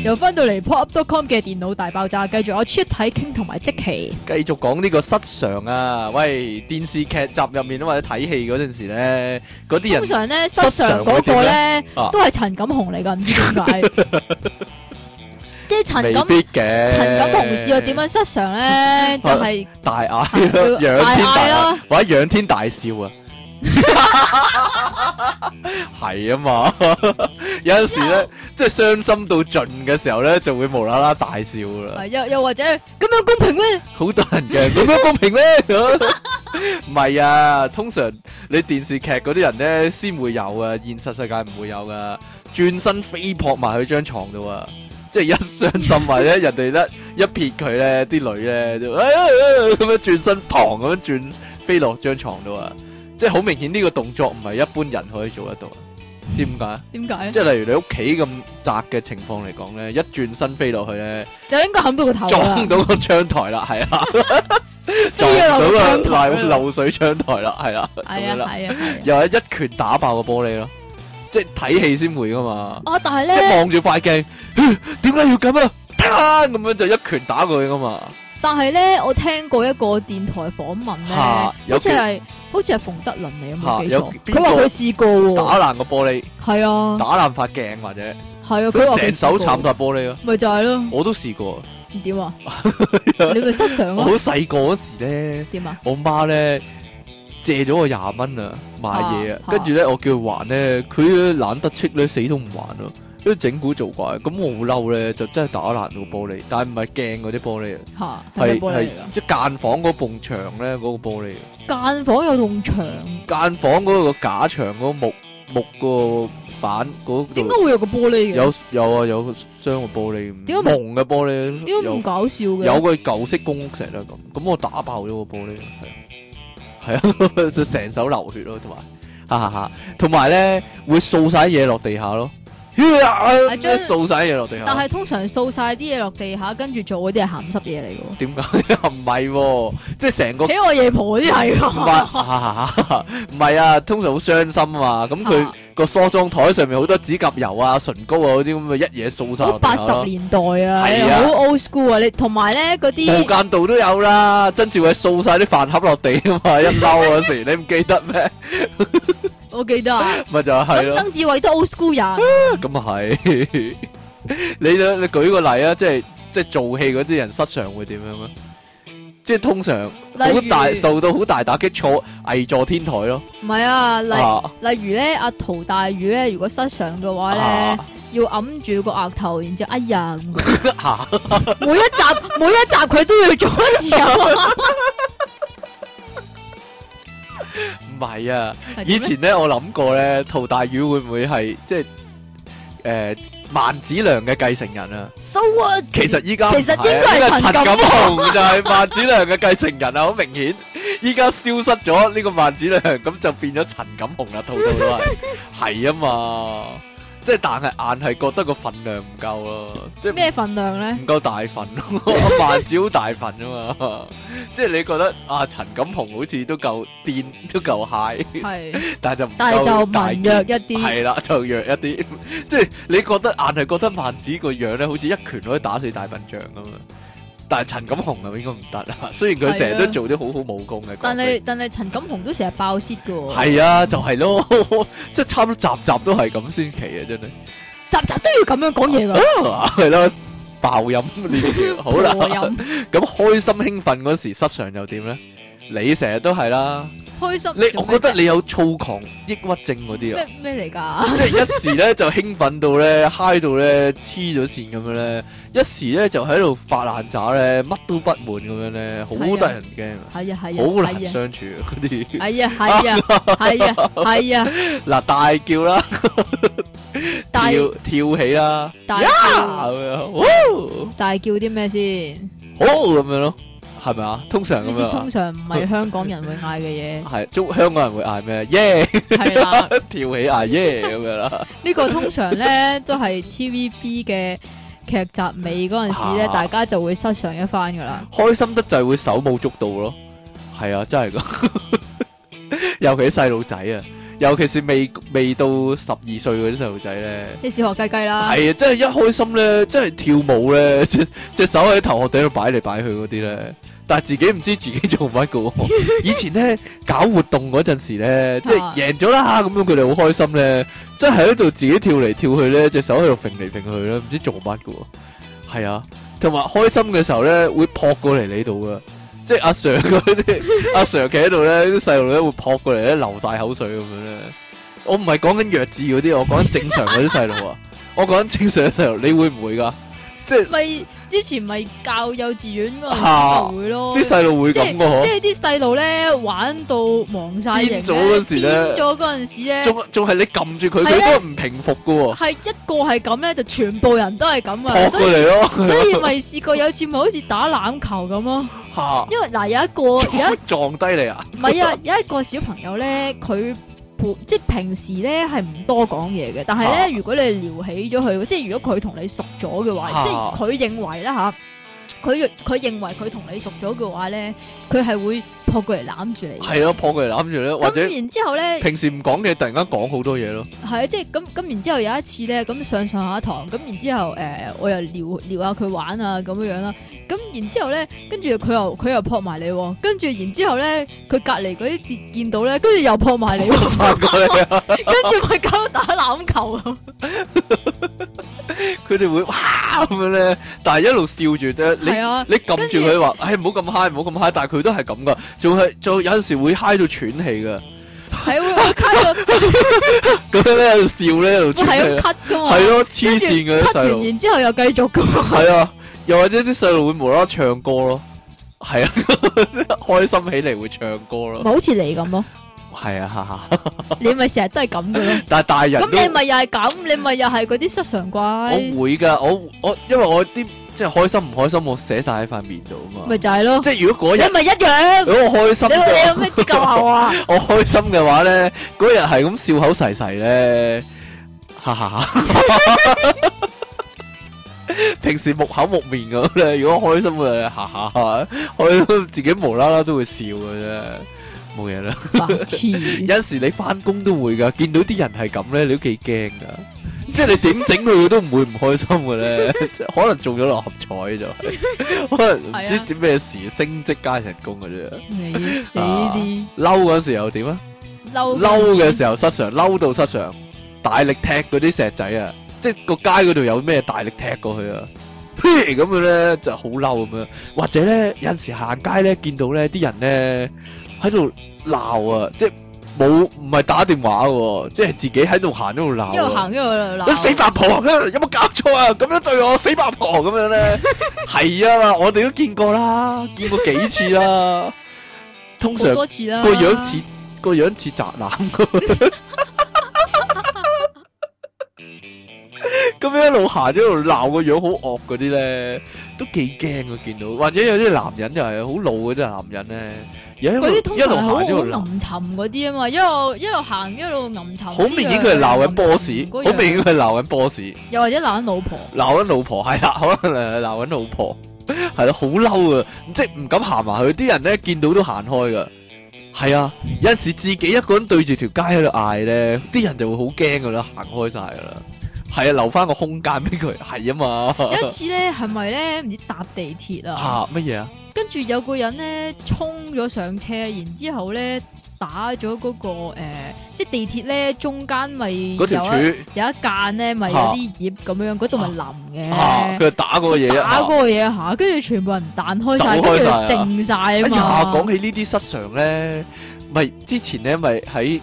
S1: 又翻到嚟 pop d o com 嘅電腦大爆炸。繼續出體 King 同埋積淇，
S2: 繼續講呢個失常啊！喂，電視劇集入面或者睇戲嗰陣時咧，嗰啲人通常咧失常嗰個咧都係
S1: 陳錦鴻嚟噶，唔知點解。 即係陳錦必
S2: 嘅，陳錦鴻試過點
S1: 樣失常咧，就係、是、
S2: 大眼大嗌咯，或者仰天大笑啊！係 啊 是的嘛 有，有陣時咧，即係傷心到盡嘅時候咧，就會無啦啦大笑啦。
S1: 又又或者咁樣公平
S2: 咩？好多人嘅咁 樣公平咩？唔 係啊，通常你電視劇嗰啲人咧先會有啊，現實世界唔會有噶。轉身飛撲埋去張床度啊，即係一傷心埋咧， 人哋咧一撇佢咧，啲女咧就咁、哎哎、樣轉身躺咁樣轉飛落張床度啊。即係好明顯呢個動作唔係一般人可以做得到啊！知唔解？點解？即係例如你屋企咁窄嘅情況嚟講咧，一轉身飛落去咧，
S1: 就應該冚到個頭，撞到
S2: 個窗台啦，係啊， 撞到個窗台，漏水窗台啦，係 啦，係啊，係、哎、啊、哎哎，又係一拳打爆個玻璃咯， 即係睇戲先會噶嘛，
S1: 但係咧，即係望
S2: 住塊鏡，點解要咁啊？咁樣就一拳打佢噶嘛？
S1: 但係咧，我聽過一個電台訪問咧，好似係好似係馮德倫嚟，有冇記錯？佢話佢試過打
S2: 爛個玻璃，係啊，打爛塊鏡或者
S1: 係啊，佢成手插晒玻璃咯，啊，咪就係、是、咯，我都試過。點、嗯、啊？
S2: 你咪失常咯，啊！好細個嗰時咧，啊，我媽咧借咗我廿蚊啊，買嘢啊，跟住咧我叫佢還咧，佢懶得出咧，死都唔還咯。都整蠱做怪咁，我嬲咧就真係打爛到玻璃，但係唔係鏡嗰啲玻璃，
S1: 係係
S2: 即間房嗰埲牆咧嗰、嗰個玻璃。
S1: 間房有埲牆。
S2: 間房嗰個假牆嗰木木個板嗰、嗰個。點解會有
S1: 個玻璃嘅？有
S2: 有啊，有個雙個玻璃。點解蒙嘅玻璃？點解咁
S1: 搞笑嘅？有個
S2: 舊式公屋石啦咁，咁我打爆咗個玻璃，係啊，係啊，就成手流血咯，同埋哈哈哈，同埋咧會掃晒嘢落地下咯。掃晒嘢落地下，但係
S1: 通常掃晒啲嘢落地下，跟住做嗰啲係鹹濕嘢嚟嘅。
S2: 點解又唔係？即係成個起我夜蒲啲係唔係唔係啊，通常好傷心啊。咁佢。 個梳妝台上面好多指甲油啊、唇膏啊嗰啲咁啊一嘢掃晒。八十年
S1: 代啊，係啊，好 old school 啊！你同埋咧嗰啲……無間
S2: 道都有啦，曾志偉掃晒啲飯盒落地啊嘛，一嬲嗰時你唔記得咩？
S1: 我記得啊，
S2: 咪就係咯。曾
S1: 志偉都 old school 人，
S2: 咁啊係。你你舉個例啊，即係即係做戲嗰啲人失常會點樣咧？即係通常好大受到好大打擊坐危坐天台咯。
S1: 唔係啊，例啊例如咧，阿陶大宇咧，如果失常嘅話咧，啊，要揞住個額頭，然之後哎呀
S2: 咁，
S1: 每一集 每一集佢都要做一次，唔
S2: 係 啊，以前咧我諗過咧陶大宇會唔會係即係誒？就是呃萬子良嘅繼承人
S1: so, 啊，其實依家呢個陳錦
S2: 鴻就係萬子良嘅繼承人啊，好 明顯，依家消失咗呢個萬子良，咁就變咗陳錦鴻啦，套套都係，係啊嘛。即係，但係硬係覺得個份量唔夠啊！
S1: 即係咩份量咧？唔
S2: 夠大份、啊，萬 子好大份啊嘛！即 係你覺得啊，陳錦鴻好似都夠癲，都夠蟹，i 但係就唔，但係就，不但就文弱一啲，係啦，就弱一啲。即 係你覺得硬係覺得萬子個樣咧，好似一拳可以打死大笨象咁啊！但係陳錦鴻啊，應該唔得啦。雖然佢成日都做啲好好武功嘅，但
S1: 係但係陳錦鴻都成日爆雪嘅喎。
S2: 係啊，就係、是、咯，呵呵即係差唔多集集都係咁先奇啊！真係
S1: 集集都要咁樣講嘢㗎，係、
S2: 啊、咯，爆飲呢啲嘢好啦。咁 開心興奮嗰時候失常又點咧？你成日都係啦。你，我覺得你有躁狂、抑鬱症嗰啲啊。咩
S1: 咩嚟㗎？即係 一
S2: 時咧就興奮到咧嗨到咧黐咗線咁樣咧，一時咧就喺度發爛渣咧，乜都不滿咁樣咧，好得人驚，
S1: 好、啊啊、難相
S2: 處嗰啲。係啊係啊係啊係啊嗱、啊啊啊， 大叫啦， 跳跳起啦，大，大，yeah，
S1: 大叫啲咩先？
S2: 好、哦、咁 樣咯。係咪啊？通常咁啊，呢啲通常
S1: 唔係香港人會嗌嘅嘢。
S2: 係， 中香港人會嗌咩啊耶 e 係跳起嗌，啊、耶！咁樣啦。
S1: 呢個通常咧都係 TVB 嘅劇集尾嗰陣時咧，啊，大家就會失常一番噶啦
S2: 開心得就係會手舞足蹈咯，係啊，真係噶 尤其細路仔啊，尤其是未未到十二歲嗰啲細路仔咧，即
S1: 係小學雞雞啦。係啊，
S2: 真係一開心咧，真係跳舞咧，隻手喺頭殼頂度擺嚟擺去嗰啲咧。但係自己唔知自己做乜嘅，以前咧 搞活動嗰陣時咧， 即係贏咗啦咁樣，佢哋好開心咧，即係喺度自己跳嚟跳去咧，隻手喺度揈嚟揈去啦，唔知做乜嘅喎，係啊，同埋開心嘅時候咧會撲過嚟你度嘅，即係阿 Sir 啲 阿 Sir 企喺度咧，啲細路咧會撲過嚟咧流晒口水咁樣咧，我唔係講緊弱智嗰啲，我講正常嗰啲細路啊，我講正常嘅細路，你會唔會噶？
S1: 即係。之前咪教幼稚園嗰個會咯，啲細路會咁即係啲細路咧玩到忙晒形癲咗嗰陣時咧，仲
S2: 仲係你撳住佢，佢都唔平伏嘅喎。
S1: 係一個係咁咧，就全部人都係咁啊。學咯，所以咪試過有節目 好似打籃球咁咯。吓，因為嗱、呃、有一個，有一
S2: 撞低你啊？
S1: 唔係啊，有一個小朋友咧，佢。即係平時咧係唔多講嘢嘅，但係咧、啊、如果你撩起咗佢，即係如果佢同你熟咗嘅話，啊、即係佢認為啦嚇。佢佢認為佢同你熟咗嘅話咧，佢係會撲過嚟攬住你。係
S2: 啊，撲過嚟攬住你。咁然
S1: 之後咧，平時
S2: 唔講嘅，突然間講好多嘢咯。
S1: 係啊，即係咁咁，然之後有一次咧，咁上上下堂，咁然之後誒、呃，我又撩撩下佢玩啊咁樣樣啦。咁然之後咧，跟住佢又佢又撲埋你，跟住然之後咧，佢隔離嗰啲見到咧，跟住又撲埋你，跟住咪搞打籃球
S2: 啊。佢哋會哇咁樣咧，但係一路笑住嘅。係啊，你撳住佢話，哎唔好咁嗨，唔好咁嗨。但」但係佢都係咁噶，仲係有陣時會嗨到喘氣噶，
S1: 係會 high 咁
S2: 樣咧喺度笑咧喺度，唔係咯 cut 噶嘛，係咯黐線嘅細路 cut 完然
S1: 之後又繼續噶，
S2: 係 啊，又或者啲細路會無啦啦唱歌咯，係啊， 開心起嚟會唱歌咯，好似你咁咯，係啊，哈哈
S1: 你咪成日都係咁嘅咯，
S2: 但係大人咁你
S1: 咪又係咁， 你咪又係嗰啲失常怪，我
S2: 會噶，我我因為我啲。即、係開心唔開心，我寫晒喺塊面度啊嘛。
S1: 咪就係咯。即係如
S2: 果嗰日，咪一樣。如果我開心話，你話有咩資格話我開心嘅話咧，嗰日係咁笑口噬噬咧，哈哈哈。平時木口木面咁咧，如果開心啊，哈哈， 開心 自己無啦啦都會笑嘅啫，冇嘢啦。黐。 有時你翻工都會噶，見到啲人係咁咧，你都幾驚噶。 即係你點整佢都唔會唔開心嘅咧， 可能中咗六合彩就係、是，可能唔知點咩事、 啊、升職加人工嘅啫。你呢
S1: 啲
S2: 嬲嗰時又點
S1: 啊？嬲嘅時
S2: 候失常，嬲到失常，大力踢嗰啲石仔啊！即係個街嗰度有咩大力踢過去啊？咁 樣咧就好嬲咁樣。或者咧有陣時行街咧見到咧啲人咧喺度鬧啊，即係。冇，唔係打電話喎，即係自己喺度行喺度鬧，喺度
S1: 行喺度鬧。你死八
S2: 婆，有冇搞錯啊？咁樣對我，死八婆咁樣咧，係 啊，我哋都見過啦，見過幾次啦， 通常多次啦，個樣似個樣似宅男咁樣一路行，一路鬧，個樣好惡嗰啲咧，都幾驚啊！見到或者有啲男人就係好老嘅，真係男人咧，一路一路行，一路吟
S1: 沉嗰啲啊嘛！一路一路行，一路吟沉，好明顯佢係鬧
S2: 緊 boss，好明顯佢係鬧緊 boss，
S1: 又或者鬧緊老婆，
S2: 鬧緊老婆係啦，可能誒鬧緊老婆係啦，好嬲啊！即係唔敢行埋去，啲人咧見到都行開噶，係啊！有陣時自己一個人對住條街喺度嗌，咧啲人就會好驚噶啦，行開晒噶啦。係啊，留翻個空間俾佢，係啊嘛。 有一次
S1: 咧，係咪咧唔知搭地鐵啊？乜、啊、嘢啊？跟住有個人咧衝咗上車，然之後咧打咗嗰、那個誒、呃，即係地鐵咧中間咪嗰條柱有一間咧咪有啲、啊、葉咁樣，嗰度咪腍嘅。
S2: 佢、啊啊、打個嘢打個
S1: 嘢吓，跟、啊、住、啊、全部人彈開晒，跟住靜晒啊嘛。講、哎、起
S2: 呢啲失常咧，咪之前咧咪喺。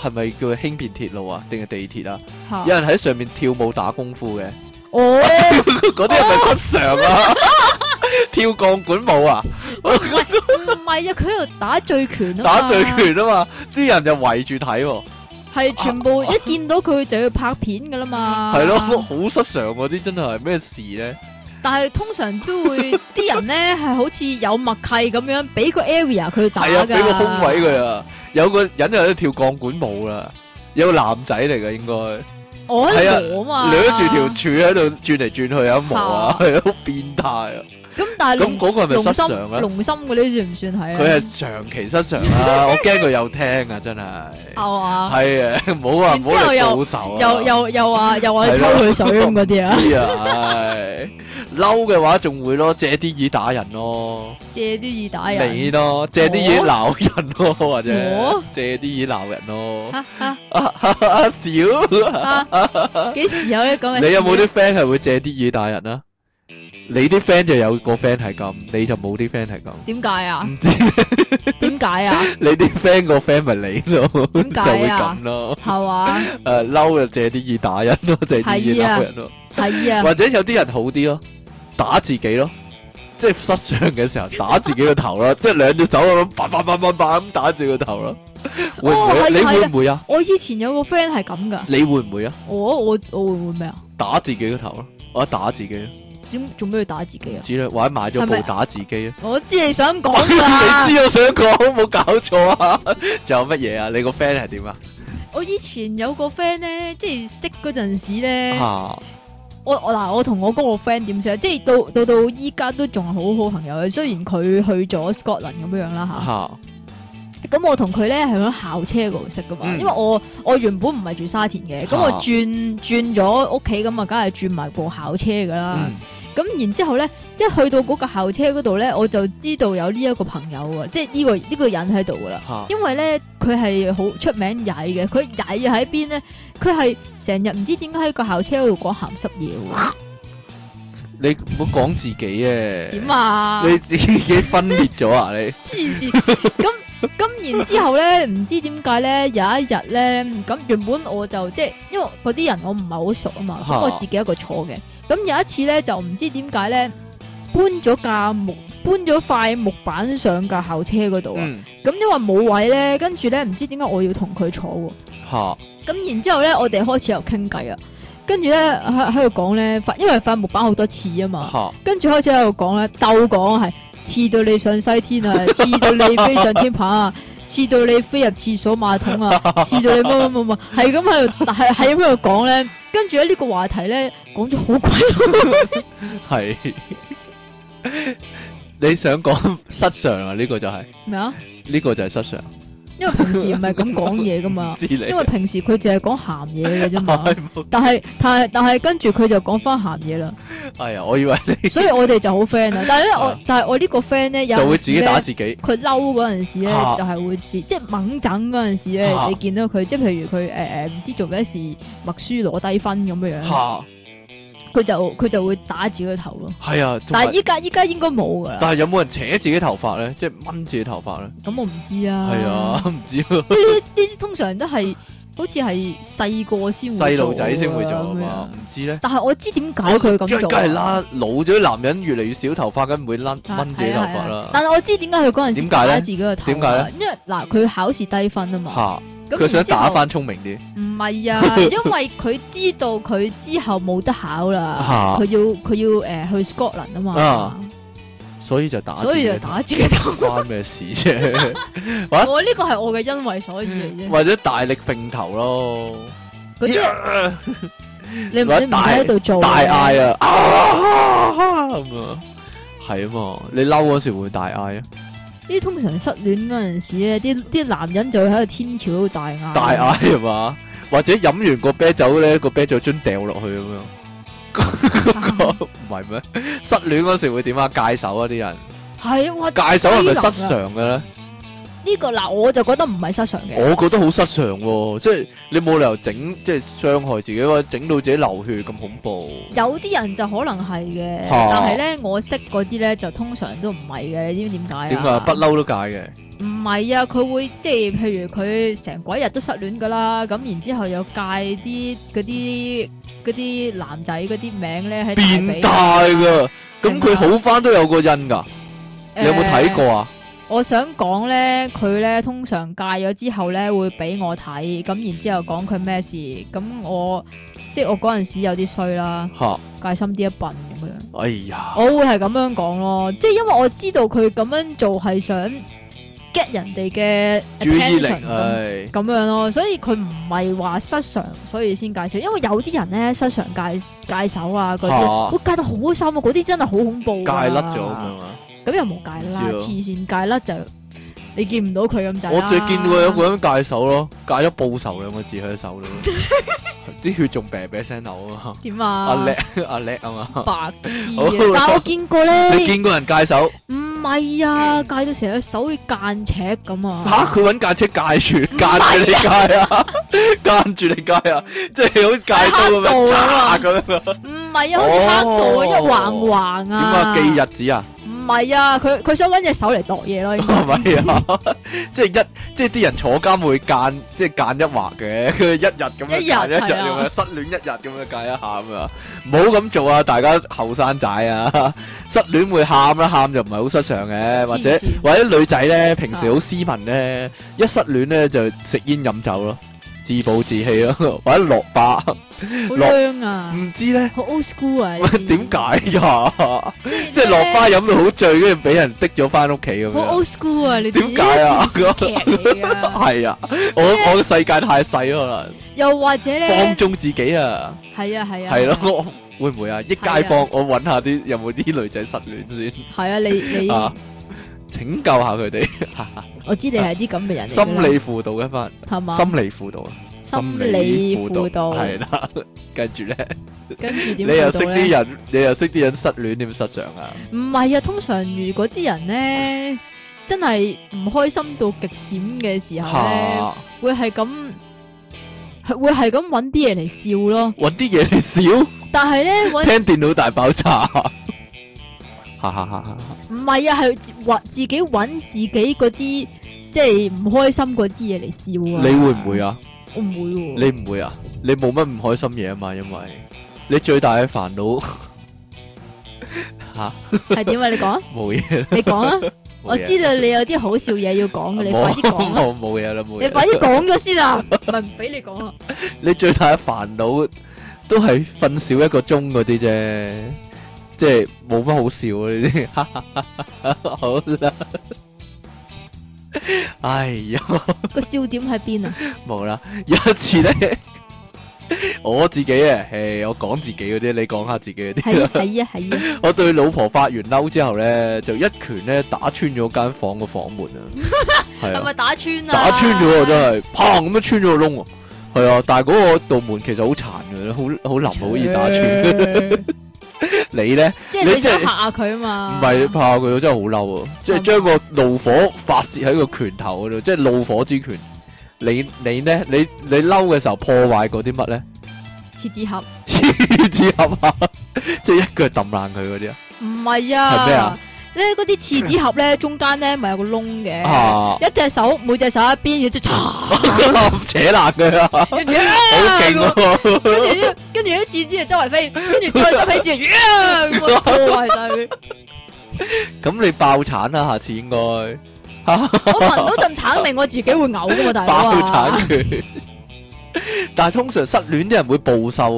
S2: 係咪叫輕便鐵路啊？定係地鐵啊？有人喺上面跳舞打功夫嘅？哦，嗰啲係咪失常啊？哦、 跳鋼管舞啊？
S1: 唔係啊，佢喺度打醉拳啊！打醉拳
S2: 啊嘛，啲人就圍住睇。
S1: 係全部一見到佢就要拍片噶啦嘛。係、啊、咯，好、
S2: 啊、 失常嗰、啊、啲真係咩事咧？
S1: 但係通常都會啲 人咧係好似有默契咁樣，俾個 area 佢打噶。係俾、啊、個空位佢啊。
S2: 有個人喺度跳鋼管舞啦，有個男仔嚟㗎應該，
S1: 係啊，掠住條
S2: 柱喺度轉嚟轉去一啊，舞啊，好變態啊！
S1: 咁但係咁，嗰個係咪失常啊？龍心嗰啲算唔算係？佢係
S2: 長期失常啊！ 我驚佢有聽啊，真係，
S1: 係啊，係
S2: 啊，唔好話，唔好手啊！又又又話又話抽佢
S1: 水咁嗰啲啊！知啊，係
S2: 嬲嘅話仲會咯，借啲耳打人咯，
S1: 借啲耳打
S2: 人你咯，借啲耳鬧人咯，或者借啲耳鬧人咯，啊啊啊啊少啊！幾時有咧？講、那
S1: 個、你有冇啲
S2: friend 係會借啲耳打人啊？你啲 friend 就有個 friend 係咁，你就冇啲 friend 係咁。
S1: 點解啊？唔知點解啊？
S2: 你啲 friend 個 friend 咪你咯，就會咁咯，係
S1: 嘛？
S2: 誒、uh, 嬲就借啲意打人咯，借啲意打人咯，係啊。或者有啲人好啲咯，打自己咯，即係失常嘅時候打自己個 頭咯，即 係兩隻手咁，叭叭叭叭叭，叭打住個頭咯。哦，係啊，你會唔會啊？
S1: 我以前有個 friend 係咁噶。
S2: 你會唔會啊？
S1: 我我我會唔會咩啊？
S2: 打自己個頭咯，我打自己。
S1: 點做咩要打自己啊？
S2: 或者買咗部打自己啊！是是
S1: 我知你想講啦，你
S2: 知我想講，好冇搞錯啊？仲 有乜嘢啊？你個 friend 係點啊？
S1: 我以前有個 friend 咧，即係識嗰陣時咧， 我我嗱，我同我哥個 friend 點識？即係到到到依家都仲係好好朋友嘅。雖然佢去咗 Scotland 咁樣樣啦吓，咁、啊、 我同佢咧係響校車嗰度識噶嘛。因為我我原本唔係住沙田嘅，咁 我轉轉咗屋企，咁啊，梗係轉埋部校車噶啦。嗯咁、嗯、然之後咧，即係去到嗰架校車嗰度咧，我就知道有呢一個朋友喎，即係、這、呢個呢、這個人喺度噶啦。因為咧，佢係好出名曳嘅，佢曳喺邊咧？佢係成日唔知點解喺個校車嗰度講鹹濕嘢喎。
S2: 你唔好講自己嘅、啊、點啊？你自己分裂咗啊？你黐
S1: 線咁。 神經 咁 然之後咧，唔知點解咧，有一日咧，咁原本我就即係，因為嗰啲人我唔係好熟啊嘛，咁 我自己一個坐嘅。咁有一次咧，就唔知點解咧，搬咗架木，搬咗塊木板上架校車嗰度啊。咁、嗯、因為冇位咧，跟住咧，唔知點解我要同佢坐喎。吓！咁然之後咧，我哋開始又傾偈啊，跟住咧喺喺度講咧，因為塊木板好多刺啊嘛。跟 住開始喺度講咧，斗講係。刺到你上西天啊！刺到你飛上天棚啊！刺到你飛入廁所馬桶啊！刺到你乜乜乜乜，係咁喺度，係係咁喺度講咧。跟住喺呢個話題咧，講咗好鬼多。
S2: 係，你想講失常啊？呢個就係咩啊？呢個就係失常。
S1: 因為平時唔係咁講嘢噶嘛，因為平時佢淨係講鹹嘢
S2: 嘅啫嘛。
S1: 但係是 但係但係跟住佢就講翻鹹嘢啦。
S2: 係 啊、哎，我以為你，
S1: 所以我哋就好 friend 啊。但係咧， 我就係、是、我這個呢個 friend 咧，有呢，就會自己打自己。佢嬲嗰陣時咧， 就係會自即係猛掙嗰陣時咧， 你見到佢，即係譬如佢誒誒唔知道做咩事默書攞低分咁樣樣。 佢就佢就會打自己個頭咯，係啊！但係依家依家應該冇噶。但
S2: 係有冇人扯自己頭髮咧？即係掹自己頭髮咧？
S1: 咁我唔知啊。係啊，
S2: 唔知、
S1: 啊。呢通常都係 好似係細個先細路仔先會做的啊嘛？唔、啊、知咧。但係我知點解佢咁做、啊。即梗係啦，
S2: 老咗啲男人越嚟越少頭髮，梗唔會甩掹自己頭髮啦、啊啊啊。但係
S1: 我知點解佢嗰陣時掹自己個頭。點解咧？因為嗱，佢考試低分啊嘛。啊
S2: 佢想打翻聰明啲？
S1: 唔係啊，因為佢知道佢之後冇得考啦，佢 要佢要誒、呃、去 Scotland 啊嘛，
S2: 所以就打，所以就打自己頭，關咩事啫？
S1: 我呢個係我嘅因為所以嚟啫、 哦，或
S2: 者大力并頭咯，
S1: 嗰啲 你唔你唔喺度做的大嗌啊，咁
S2: 啊，係啊嘛、啊啊啊，你嬲嗰時候會大嗌啊？
S1: 啲通常失戀嗰陣時咧，啲啲男人就會喺個天橋度大嗌，大嗌
S2: 係嘛？或者飲完個啤酒咧，個啤酒樽掉落去咁樣，唔係咩？失戀嗰時會點啊，啊？戒手啊啲人，
S1: 係啊，戒手係咪失常嘅咧？呢個嗱，我就覺得唔係失常嘅。我
S2: 覺得好失常喎，即係你冇理由整即係傷害自己，話整到自己流血咁恐怖。
S1: 有啲人就可能係嘅，但係咧我識嗰啲咧就通常都唔係嘅，你知唔知點解啊？點解啊，不嬲都戒嘅。唔係啊，佢會即係譬如佢成鬼日都失戀噶啦，咁然之後又戒啲嗰啲嗰啲男仔嗰啲名咧喺變
S2: 態噶，咁佢好翻都有個印噶，
S1: 你有冇睇過啊？我想講咧，佢咧通常戒咗之後咧會俾我睇，咁然之後講佢咩事，咁我即係我嗰陣時有啲衰啦，戒心啲一笨咁樣。哎呀，我會係咁樣講咯，即係因為我知道佢咁樣做係想 get 人哋嘅 attention，咁樣，樣咯，所以佢唔係話失常，所以先介紹。因為有啲人咧失常戒戒手啊嗰啲，會戒到好開心啊，嗰啲真係好恐怖，戒甩咗咁樣啊！咁又冇戒啦，黐線戒甩就你見唔到佢咁就。我淨係見過有個人
S2: 戒手咯，戒咗報仇兩個字喺手度，啲血仲啤啤聲流啊！點啊？阿叻阿叻啊嘛，白痴啊！但我見
S1: 過咧，你見過人戒手？唔係啊，戒到成個手好似間尺咁啊！吓，
S2: 佢搵間尺戒住，戒住你戒啊，戒住你戒啊，即係好似戒刀咁樣，唔係啊，好似
S1: 刻度啊，一橫橫啊！點啊？記日子啊？唔係啊，佢佢想揾隻手嚟度嘢咯。
S2: 唔係 啊，即係一即係啲人坐監會間，即係間一劃嘅，佢一日咁樣，一日咁樣，失戀一日咁樣間一喊啊！唔好咁做啊，大家後生仔啊，失戀會喊啦，喊就唔係好失常嘅，或者或者女仔咧，平時好斯文咧、啊，一失戀咧就食煙飲酒咯。自暴自棄咯，或者落巴，
S1: 香啊！唔知咧，好 old school 啊！
S2: 點解呀？即係落巴飲到好醉，跟住俾人滴咗翻屋企咁樣。好 old
S1: school 啊！你點解啊？
S2: 係啊，我我嘅世界太細可能。
S1: 又或者咧？放
S2: 縱自己啊！係啊，係啊！係咯，會唔會啊？益街坊，我揾下啲有冇啲女仔失戀先。係啊，你你。拯救下佢哋，
S1: 我知道你係啲咁嘅人、啊。心理
S2: 輔導一翻，係嘛？心理輔導，心理輔導，係啦。 跟住咧，跟住點？
S1: 你又識啲人，
S2: 你又識啲人失戀點失常啊？
S1: 唔係啊，通常如果啲人咧，真係唔開心到極點嘅時候咧、啊，會係咁，會會係咁揾啲嘢嚟笑咯，
S2: 揾啲嘢嚟笑。
S1: 但係咧，聽
S2: 電腦大爆炸。
S1: 哈哈哈！唔係啊，係自己揾自己嗰啲即係唔開心嗰啲嘢嚟笑啊！你會唔會啊？我唔會。你唔
S2: 會啊？你冇乜唔開心嘢啊嘛？因為你最大嘅煩惱
S1: 吓係點啊？你講
S2: 冇嘢。你講啊！
S1: 啊我知道你有啲好笑嘢要講嘅，你快啲講啊！
S2: 我冇嘢啦，冇嘢。了你快啲講
S1: 咗先啊！咪唔俾你講啊！
S2: 你最大嘅煩惱都係瞓少一個鐘嗰啲啫。即係冇乜好笑啊！你知， 好啦了笑，哎呀，
S1: 個笑點喺邊啊？冇啦，有一次咧，我自己，
S2: 欸、我自己，說說自己啊，誒，我講自己嗰啲，你講下自己嗰啲。係啊係啊係啊！啊 我對老婆發完嬲之後咧，就一拳咧打穿咗間房個房門 啊！係咪
S1: 打穿啊？打穿
S2: 咗真係，啊，砰咁樣穿咗個窿，啊。係啊，但係嗰個道門其實好殘嘅，好好腍好易打穿。 你咧，即係你，你，你想吓
S1: 佢啊嘛？唔
S2: 係怕佢，我真係好嬲啊！即係將個怒火發泄喺個拳頭嗰度，即係怒火之拳。你你咧，你你嬲嘅時候破壞嗰啲乜咧？
S1: 切紙盒，切紙
S2: 盒啊！即係一腳揼爛佢嗰啲。
S1: 唔係啊。係咩啊？咧啲廁紙盒咧中間咧咪有個窿嘅，啊、一隻手每隻手一邊，有隻後擦扯爛佢、啊啊啊啊啊，好 勁！跟住跟住啲廁紙係周圍飛，跟住再執起住，啊 然後！好大血！
S2: 咁你爆產啦、啊，下次應該 我聞
S1: 到陣產味，我自己會嘔噶嘛，大佬爆產
S2: 血！但係通常失戀啲人會暴瘦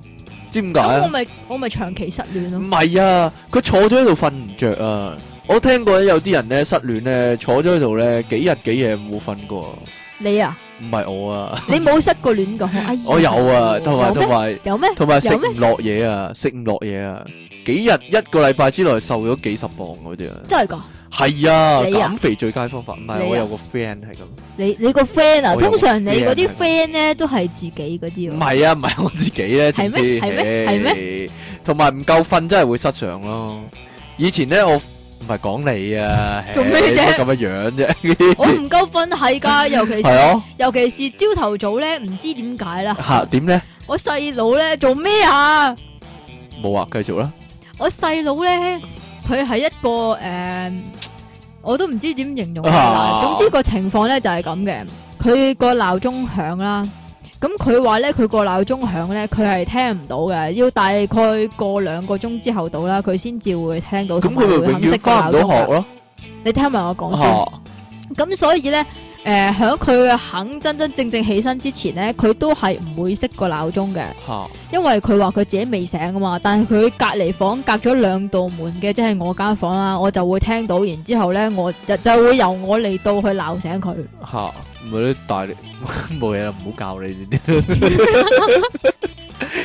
S2: 喎。點解我
S1: 咪我咪長期失戀咯。唔係
S2: 啊，佢、啊、坐咗喺度瞓唔着啊。我聽過咧，有啲人咧失戀咧，坐咗喺度咧，幾日幾夜冇瞓過。你啊？唔係我啊。你
S1: 冇失戀過戀噶、 哎？我有啊，同埋同埋有咩？同埋食唔
S2: 落嘢啊，食唔落嘢啊。幾日一個禮拜之內，瘦咗幾十磅嗰啲啊！真係噶，係啊！你啊！減肥最佳方法，唔係，我有個 friend 係咁。
S1: 你你個 friend 啊？通常你嗰啲 friend 咧都係自己嗰啲。唔係啊，
S2: 唔係我自己咧。係咩？係咩？係咩？同埋唔夠瞓真係會失常咯。以前咧我唔係講你啊，做咩啫？咁嘅樣啫。我唔
S1: 夠瞓係噶，尤其是尤其是朝頭早咧，唔知點解啦。吓？點咧？我細佬咧做咩啊？
S2: 冇啊！繼續啦。
S1: 我細佬咧，佢係一個誒、呃，我都唔知點形容佢啦。啊、但總之個情況咧就係咁嘅，佢個鬧鐘響啦，咁佢話咧佢個鬧鐘響咧，佢係聽唔到嘅，要大概過兩個鐘之後到啦，佢先至會聽到。咁佢會永遠翻唔到學咯？你聽埋我講先。咁、啊、所以咧。誒、呃，喺佢肯真真正正起身之前咧，佢都係唔會熄個鬧鐘嘅，因為佢話佢自己未醒啊嘛。但係佢隔離房隔咗兩道門嘅，即係我間房啦，我就會聽到，然之後咧，我就，就會由我嚟到去鬧醒佢。
S2: 吓，咪你大冇嘢啦，唔好教你。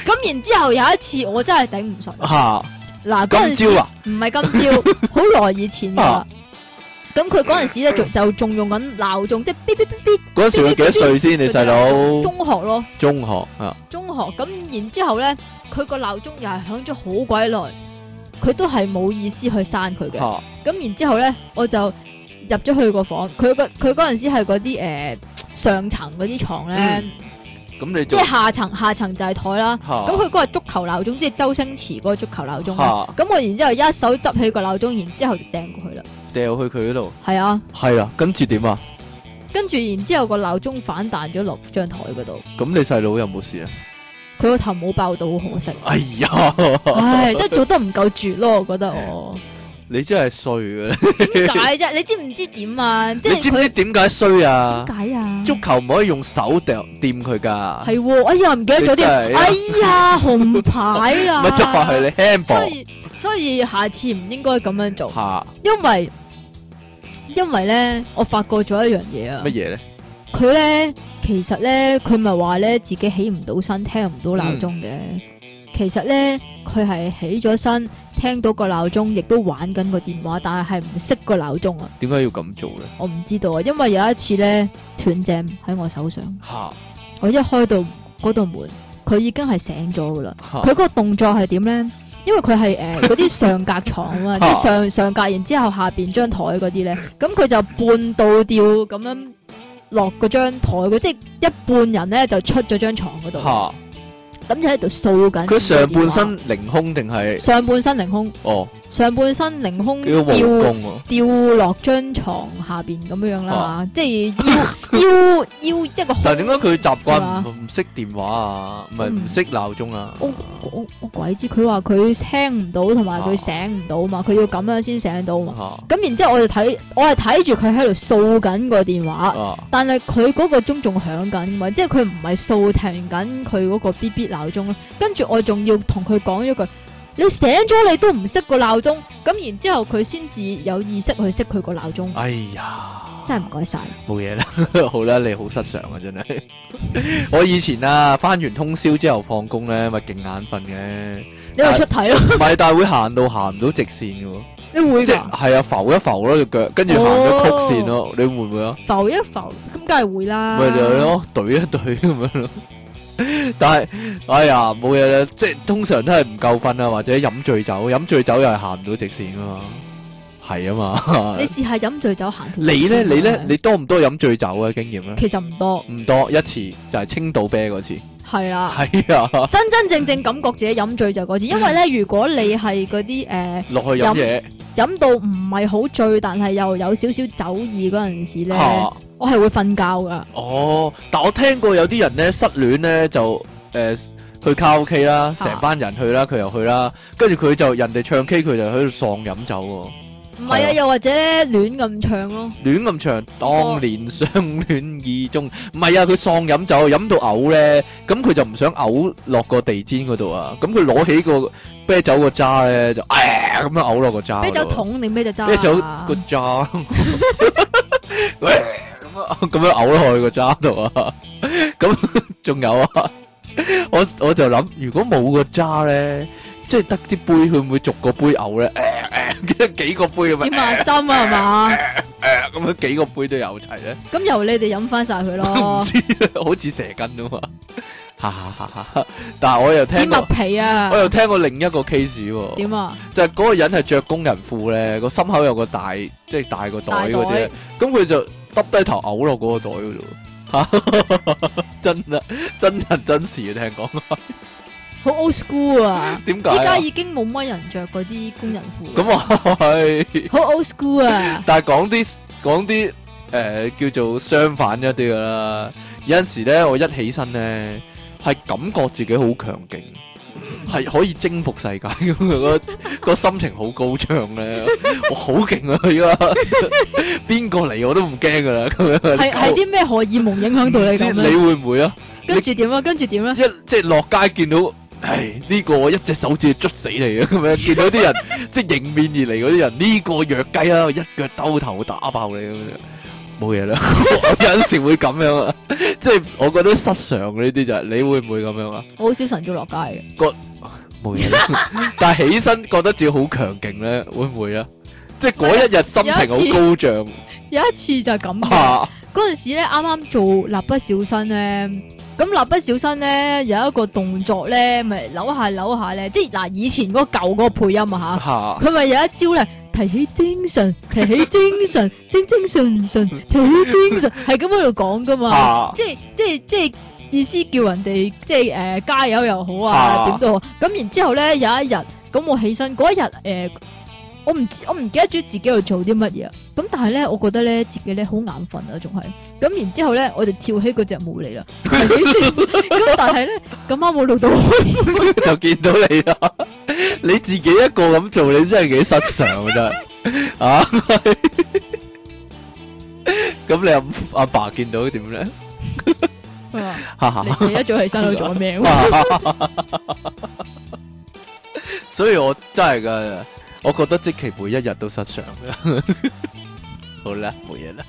S1: 咁 然之後有一次，我真係頂唔順。吓，嗱嗰陣時唔係今朝，啊，好耐 以前咁佢嗰陣時咧，就就仲用鬧鐘就用緊鬧鐘，即係嗶嗶嗶嗶。嗰時佢幾多歲先？你細佬？中學咯。
S2: 中學啊。
S1: 中學，咁，然之後咧，佢個鬧鐘又係響咗好鬼耐，佢都係冇意思去閂佢嘅。咁、啊、然之後咧，我就入咗去個房，佢個佢嗰陣時係嗰啲誒上層嗰啲床咧。嗯你做即係下層下層就係台啦，咁佢嗰個足球鬧鐘即係周星馳嗰個足球鬧鐘，咁我然之後一手執起個鬧鐘，然之後就掟過去啦，
S2: 掟去佢嗰度，係啊，係啦，跟住點啊？
S1: 跟住、啊、然之後個鬧鐘反彈咗落張台嗰度，
S2: 咁你細佬有冇事啊？
S1: 佢個頭冇爆到，好可惜。
S2: 哎呀， 唉，即係做
S1: 得唔夠絕咯，我覺得我。嗯
S2: 你真係衰嘅，點解啫？
S1: 你知唔知點啊？ 即係你知唔知
S2: 點解衰啊？點
S1: 解啊？足
S2: 球唔可以用手掉掂佢噶。係、
S1: 哦，哎呀，唔記得咗啲，哎呀，紅牌啦。咪捉埋佢你 handball 所以，所以下次唔應該咁樣做。吓，因為因為咧，我發覺咗一樣嘢啊。乜嘢咧？佢咧，其實咧，佢咪話咧，自己起唔到身，聽唔到鬧鐘嘅。其實咧，佢係起咗身。聽到個鬧鐘，亦都玩緊個電話，但係係唔識個鬧鐘啊！
S2: 點解要咁做咧？我
S1: 唔知道啊，因為有一次咧，斷正喺我手上，我一開到嗰道門，佢已經係醒咗噶啦。佢個動作係點咧？因為佢係誒嗰啲上格床啊， 即係上上格，然之後下邊張台嗰啲咧，咁佢就半倒掉咁樣落嗰張台， 即係一半人咧就出咗張床嗰度。咁就喺度掃緊，佢上半身
S2: 凌空定係上半身凌空，哦。
S1: 上半身凌空吊、啊、吊落張床下邊咁樣啦、啊，即係腰腰即係個。但
S2: 係點解佢習慣唔識電話啊？唔係唔識鬧鐘啊？我
S1: 我，我，我鬼知佢話佢聽唔到同埋佢醒唔到嘛？佢、啊、要咁樣先醒到嘛？咁、啊、然之後我就睇我係睇住佢喺度掃緊個電話，啊、但係佢嗰個鐘仲響緊嘛？即係佢唔係掃停緊佢嗰個 BB 鬧鐘咯。跟住我仲要同佢講一句。你醒咗你都唔熄個鬧鐘，咁然之後佢先至有意識去熄佢個鬧鐘。哎呀，真係唔該晒，
S2: 冇嘢啦， 好啦，你好失常啊，真係。 我以前啊，返完通宵之後放工咧，咪勁眼瞓嘅。
S1: 你為出體咯，唔
S2: 係大會行到行唔到直線喎，你會唔會啊？係啊，浮一浮咯隻腳，跟住行咗曲線咯，oh. 你會唔會啊？
S1: 浮一浮，咁梗係會啦。咪就係咯，
S2: 懟一懟咁樣咯。 但係，哎呀，冇嘢啦，即係通常都係唔夠瞓啊，或者飲醉酒，飲醉酒又係行唔到直線噶嘛，係啊嘛。你
S1: 試下飲醉酒行？你呢？你呢？你呢，
S2: 你多唔多飲醉酒嘅經驗咧？其
S1: 實唔多，唔
S2: 多一次就係、是、青島啤嗰次。係啦，係啊，真
S1: 真正正感覺自己飲醉就嗰次，因為咧，如果你係嗰啲誒，落，呃、去飲嘢，飲到唔係好醉，但係又有少少酒意嗰陣時咧、啊，我係會瞓覺噶。哦，
S2: 但我聽過有啲人咧失戀咧就誒、呃、去卡拉 OK 啦，成，啊、班人去啦，佢又去啦，跟住佢就人哋唱 K，佢就喺度喪飲酒，喔。
S1: 唔係啊，又或者咧，亂咁唱咯。
S2: 亂咁唱，當年相戀意中。唔係啊，佢喪飲酒，飲到嘔咧。咁佢就唔想嘔落個地氈嗰度啊。咁佢攞起個啤酒個渣咧，就誒，咁樣嘔落個渣。啤酒桶
S1: 你咩就渣？啤酒個
S2: 渣。喂，咁樣咁樣嘔落去個渣度啊？咁仲有啊？我我就諗，如果冇個渣咧。即係得啲杯，佢唔會逐個杯嘔咧？唔記得幾個杯、哎、呀針啊？點、哎、啊？針、哎、啊？係、哎、嘛？誒、哎，咁樣幾個杯都有齊咧。
S1: 咁由你哋飲翻晒佢咯。唔知，
S2: 好似蛇羹啊嘛。哈哈哈！但係我又聽過麥皮、啊，我又聽過另一個 case、啊。點啊？就係、是、嗰個人係着工人褲咧，個心口有個大，即、就、係、是、大個袋嗰啲，咁佢就耷低頭嘔落嗰個袋度。吓， 真啊，真人真事啊，聽講。
S1: 好 old school 啊！
S2: 點解啊？依家已
S1: 經冇乜人着嗰啲工人褲。咁
S2: 啊，係。
S1: 好 old school 啊！
S2: 但係講啲講啲誒，叫做相反一啲噶啦。有陣時咧，我一起身咧，係感覺自己好強勁，係可以征服世界咁個個心情好高漲咧。我好勁啊！依家邊個嚟我都唔驚噶啦。係係
S1: 啲咩荷爾蒙影響到你咁咧？你
S2: 會唔會啊？跟住點啊？跟住點啊？一即係落街見到。唉，呢、這個一隻手指捉死你咁樣，見到啲人 即係迎面而嚟嗰啲人，呢、這個弱雞啦、啊，一腳兜頭打爆你咁 樣，冇嘢啦。有陣時會咁樣啊，即係我覺得失常呢啲就係、是，你會唔會咁樣啊？
S1: 我好少晨早落街
S2: 嘅，冇嘢。沒
S1: 事 但係
S2: 起身覺得自己好強勁咧，會唔會啊？即係嗰一日心情好高
S1: 漲。有一次就係咁啊，嗰陣時咧，啱啱做蠟筆小新咧。咁蠟筆小新咧有一個動作咧，咪、就是、扭下扭下咧，即係嗱以前嗰舊個配音啊吓，佢、啊、咪有一招咧，提起精神，提起精神， 精精神神，提起精神，係咁喺度講㗎嘛，啊、即係即係即係意思叫人哋即係誒、呃、加油又好啊，點、啊、都好，咁然之後咧有一日，咁我起身嗰一日誒。呃我唔我唔記得咗自己喺度做啲乜嘢，咁但係咧，我覺得咧自己咧好眼瞓啊，仲係咁，然之後咧，我就跳起嗰隻舞嚟啦。咁 但係咧，咁啱冇錄到，
S2: 就見到你啦。你自己一個咁做，你真係幾失常 啊！咁你阿，阿爸見到點咧、啊？你一早起身攞咗咩？ 所以我真係噶。我覺得即其每一日都失常了 好了，好啦，冇嘢啦。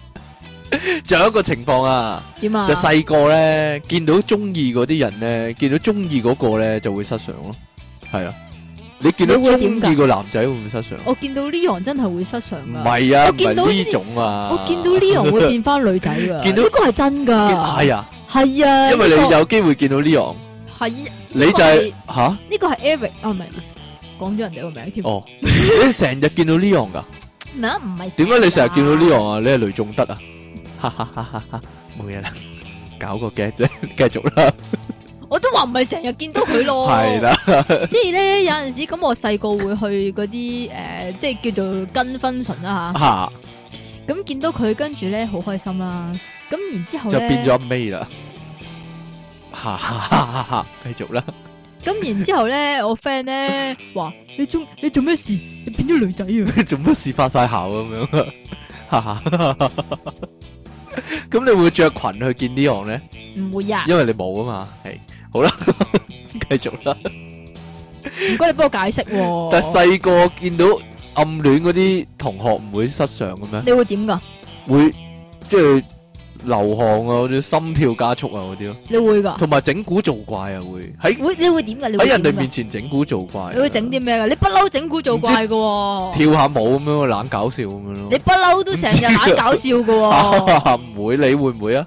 S2: 仲有一個情況啊，啊，就細個咧見到中意嗰啲人咧，見到中意嗰個咧就會失常咯。係啊，你見到中意個男仔會唔會失常？我
S1: 見到 o 樣真係會失常啊！唔係啊，我見到呢種
S2: 啊，我見到呢樣會變
S1: 翻女仔噶、 這個。見到呢個係真噶，係、哎、啊，係啊，
S2: 因為你有機會見到呢樣、
S1: 啊，係、這個、你就吓、是、呢個係 Eric，我明。啊啊講咗人哋個名
S2: 添，哦，成日見到呢樣噶，
S1: 咩啊？唔係，點解你成日見到呢樣
S2: 啊？你係雷仲德啊？哈哈哈，哈！哈冇嘢啦，搞個 gag 啫，繼續啦。
S1: 我都話唔係成日見到佢咯，係
S2: 啦。
S1: 即係咧 有陣時咁，我細個會去嗰啲誒，即係叫做跟分唇啦吓。吓，咁見到佢跟住咧好開心啦，啊。咁然之後就變咗
S2: 阿 May 啦？哈哈哈！繼續啦。
S1: 咁然之後咧，我 friend 咧，話，你
S2: 做你做咩事？你變咗女仔啊？你做咩事發晒姣咁樣啊？咁你會着裙去見呢樣咧？
S1: 唔會呀，因為
S2: 你冇啊嘛。係好啦，繼續啦。唔
S1: 該，你幫我解釋。但係
S2: 細個見到暗戀嗰啲同學，唔會失常咁樣？你會點噶？會即係。流汗啊，嗰啲心跳加速啊，嗰啲咯。你會噶？同埋整蠱做怪又會喺會？
S1: 你會點噶？喺人哋面
S2: 前整蠱做怪？你會
S1: 整啲咩噶？你不嬲整蠱做怪噶？
S2: 跳下舞咁樣，懶搞笑咁樣咯。你
S1: 不嬲都成日懶搞笑噶？唔
S2: 會，你會唔會啊？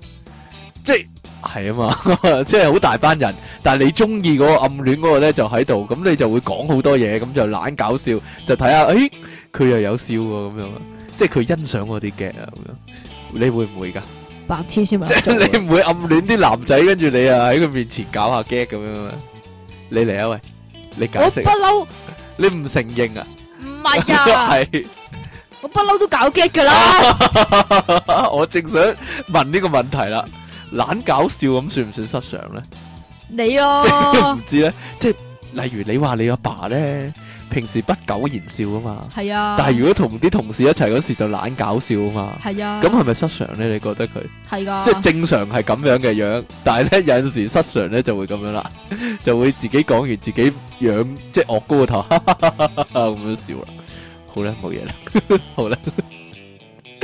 S1: 即係
S2: 係啊嘛，即係好大班人，但係你中意嗰個暗戀嗰個咧就喺度，咁你就會講好多嘢，咁就懶搞笑，就睇下，誒，佢又有笑喎，咁樣，即係佢欣賞我啲劇啊，咁樣，你會唔會噶？
S1: 白痴先嘛，即係你唔
S2: 會暗戀啲男仔跟住你啊，喺佢面前搞下 gag 咁樣啊？你嚟啊喂，你搞成，我不嬲，你唔承認啊？唔係啊，係，
S1: 我不嬲都搞 gag 噶啦，
S2: 我正想問呢個問題啦，懶搞笑咁算唔算失常咧？
S1: 你咯，唔
S2: 知咧，即係例如你話你阿爸咧。平時不苟言笑啊嘛，係啊，但係如果同啲同事一齊嗰時就懶搞笑啊嘛，係啊，咁係咪失常咧？你覺得佢係噶，即係正常係咁樣嘅樣，但係咧有陣時失常咧就會咁樣啦， 就會自己講完自己樣，即係惡高個頭咁樣哈哈哈哈笑啦，好啦，冇嘢啦， 好啦。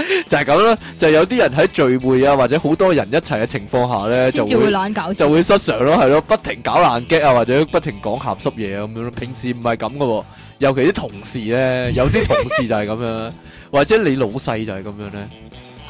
S2: 就係咁咯，就係有啲人喺聚會啊，或者好多人一齊嘅情況下呢，就會就會失常咯，係咯，不停搞爛激啊，或者不停講鹹濕嘢咁樣咯。平時唔係咁噶喎，尤其啲同事呢，有啲同事就係咁樣， 或者你老細就係咁樣呢。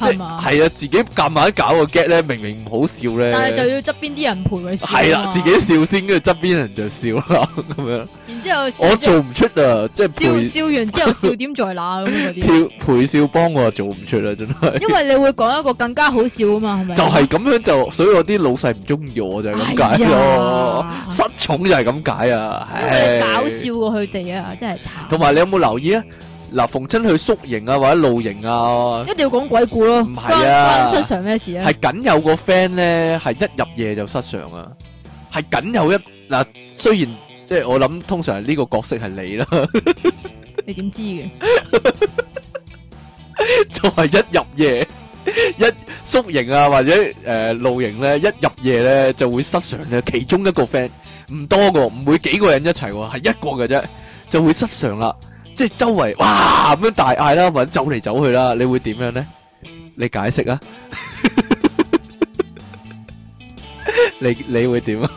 S2: 即係啊！自己埋一搞個 get 咧，明明唔好笑咧，但係就要
S1: 側邊啲人陪佢笑。係啦、啊，自己
S2: 先笑先，跟住側邊人就笑啦咁樣。
S1: 然之後我做唔
S2: 出啊！即係笑笑
S1: 完之後笑點在哪咁啲？
S2: 陪笑幫我做唔出啦，真係。因為你
S1: 會講一個更加好笑啊嘛，係咪？就
S2: 係、是、咁樣就，所以我啲老細唔中意我就係、是、咁解咯，哎，失寵就係咁解啊！搞笑
S1: 過佢哋啊，真係
S2: 同埋你有冇留意啊？嗱，逢親去宿營啊，或者露營啊，一定
S1: 要講鬼故咯。唔係啊，關失常咩事啊？係
S2: 僅有個 friend 咧，係一入夜就失常啊！係僅有一嗱，雖然即係我諗，通常係呢個角色係你啦。
S1: 你點知嘅？
S2: 就係一入夜，一宿營啊，或者誒露營咧，一入夜咧就會失常嘅。其中一個 friend 唔多個，唔會幾個人一齊喎，係一個嘅啫，就會失常啦。即係周圍，哇咁樣大嗌啦，或者走嚟走去啦，你會點樣咧？你解釋啊！你你會點啊？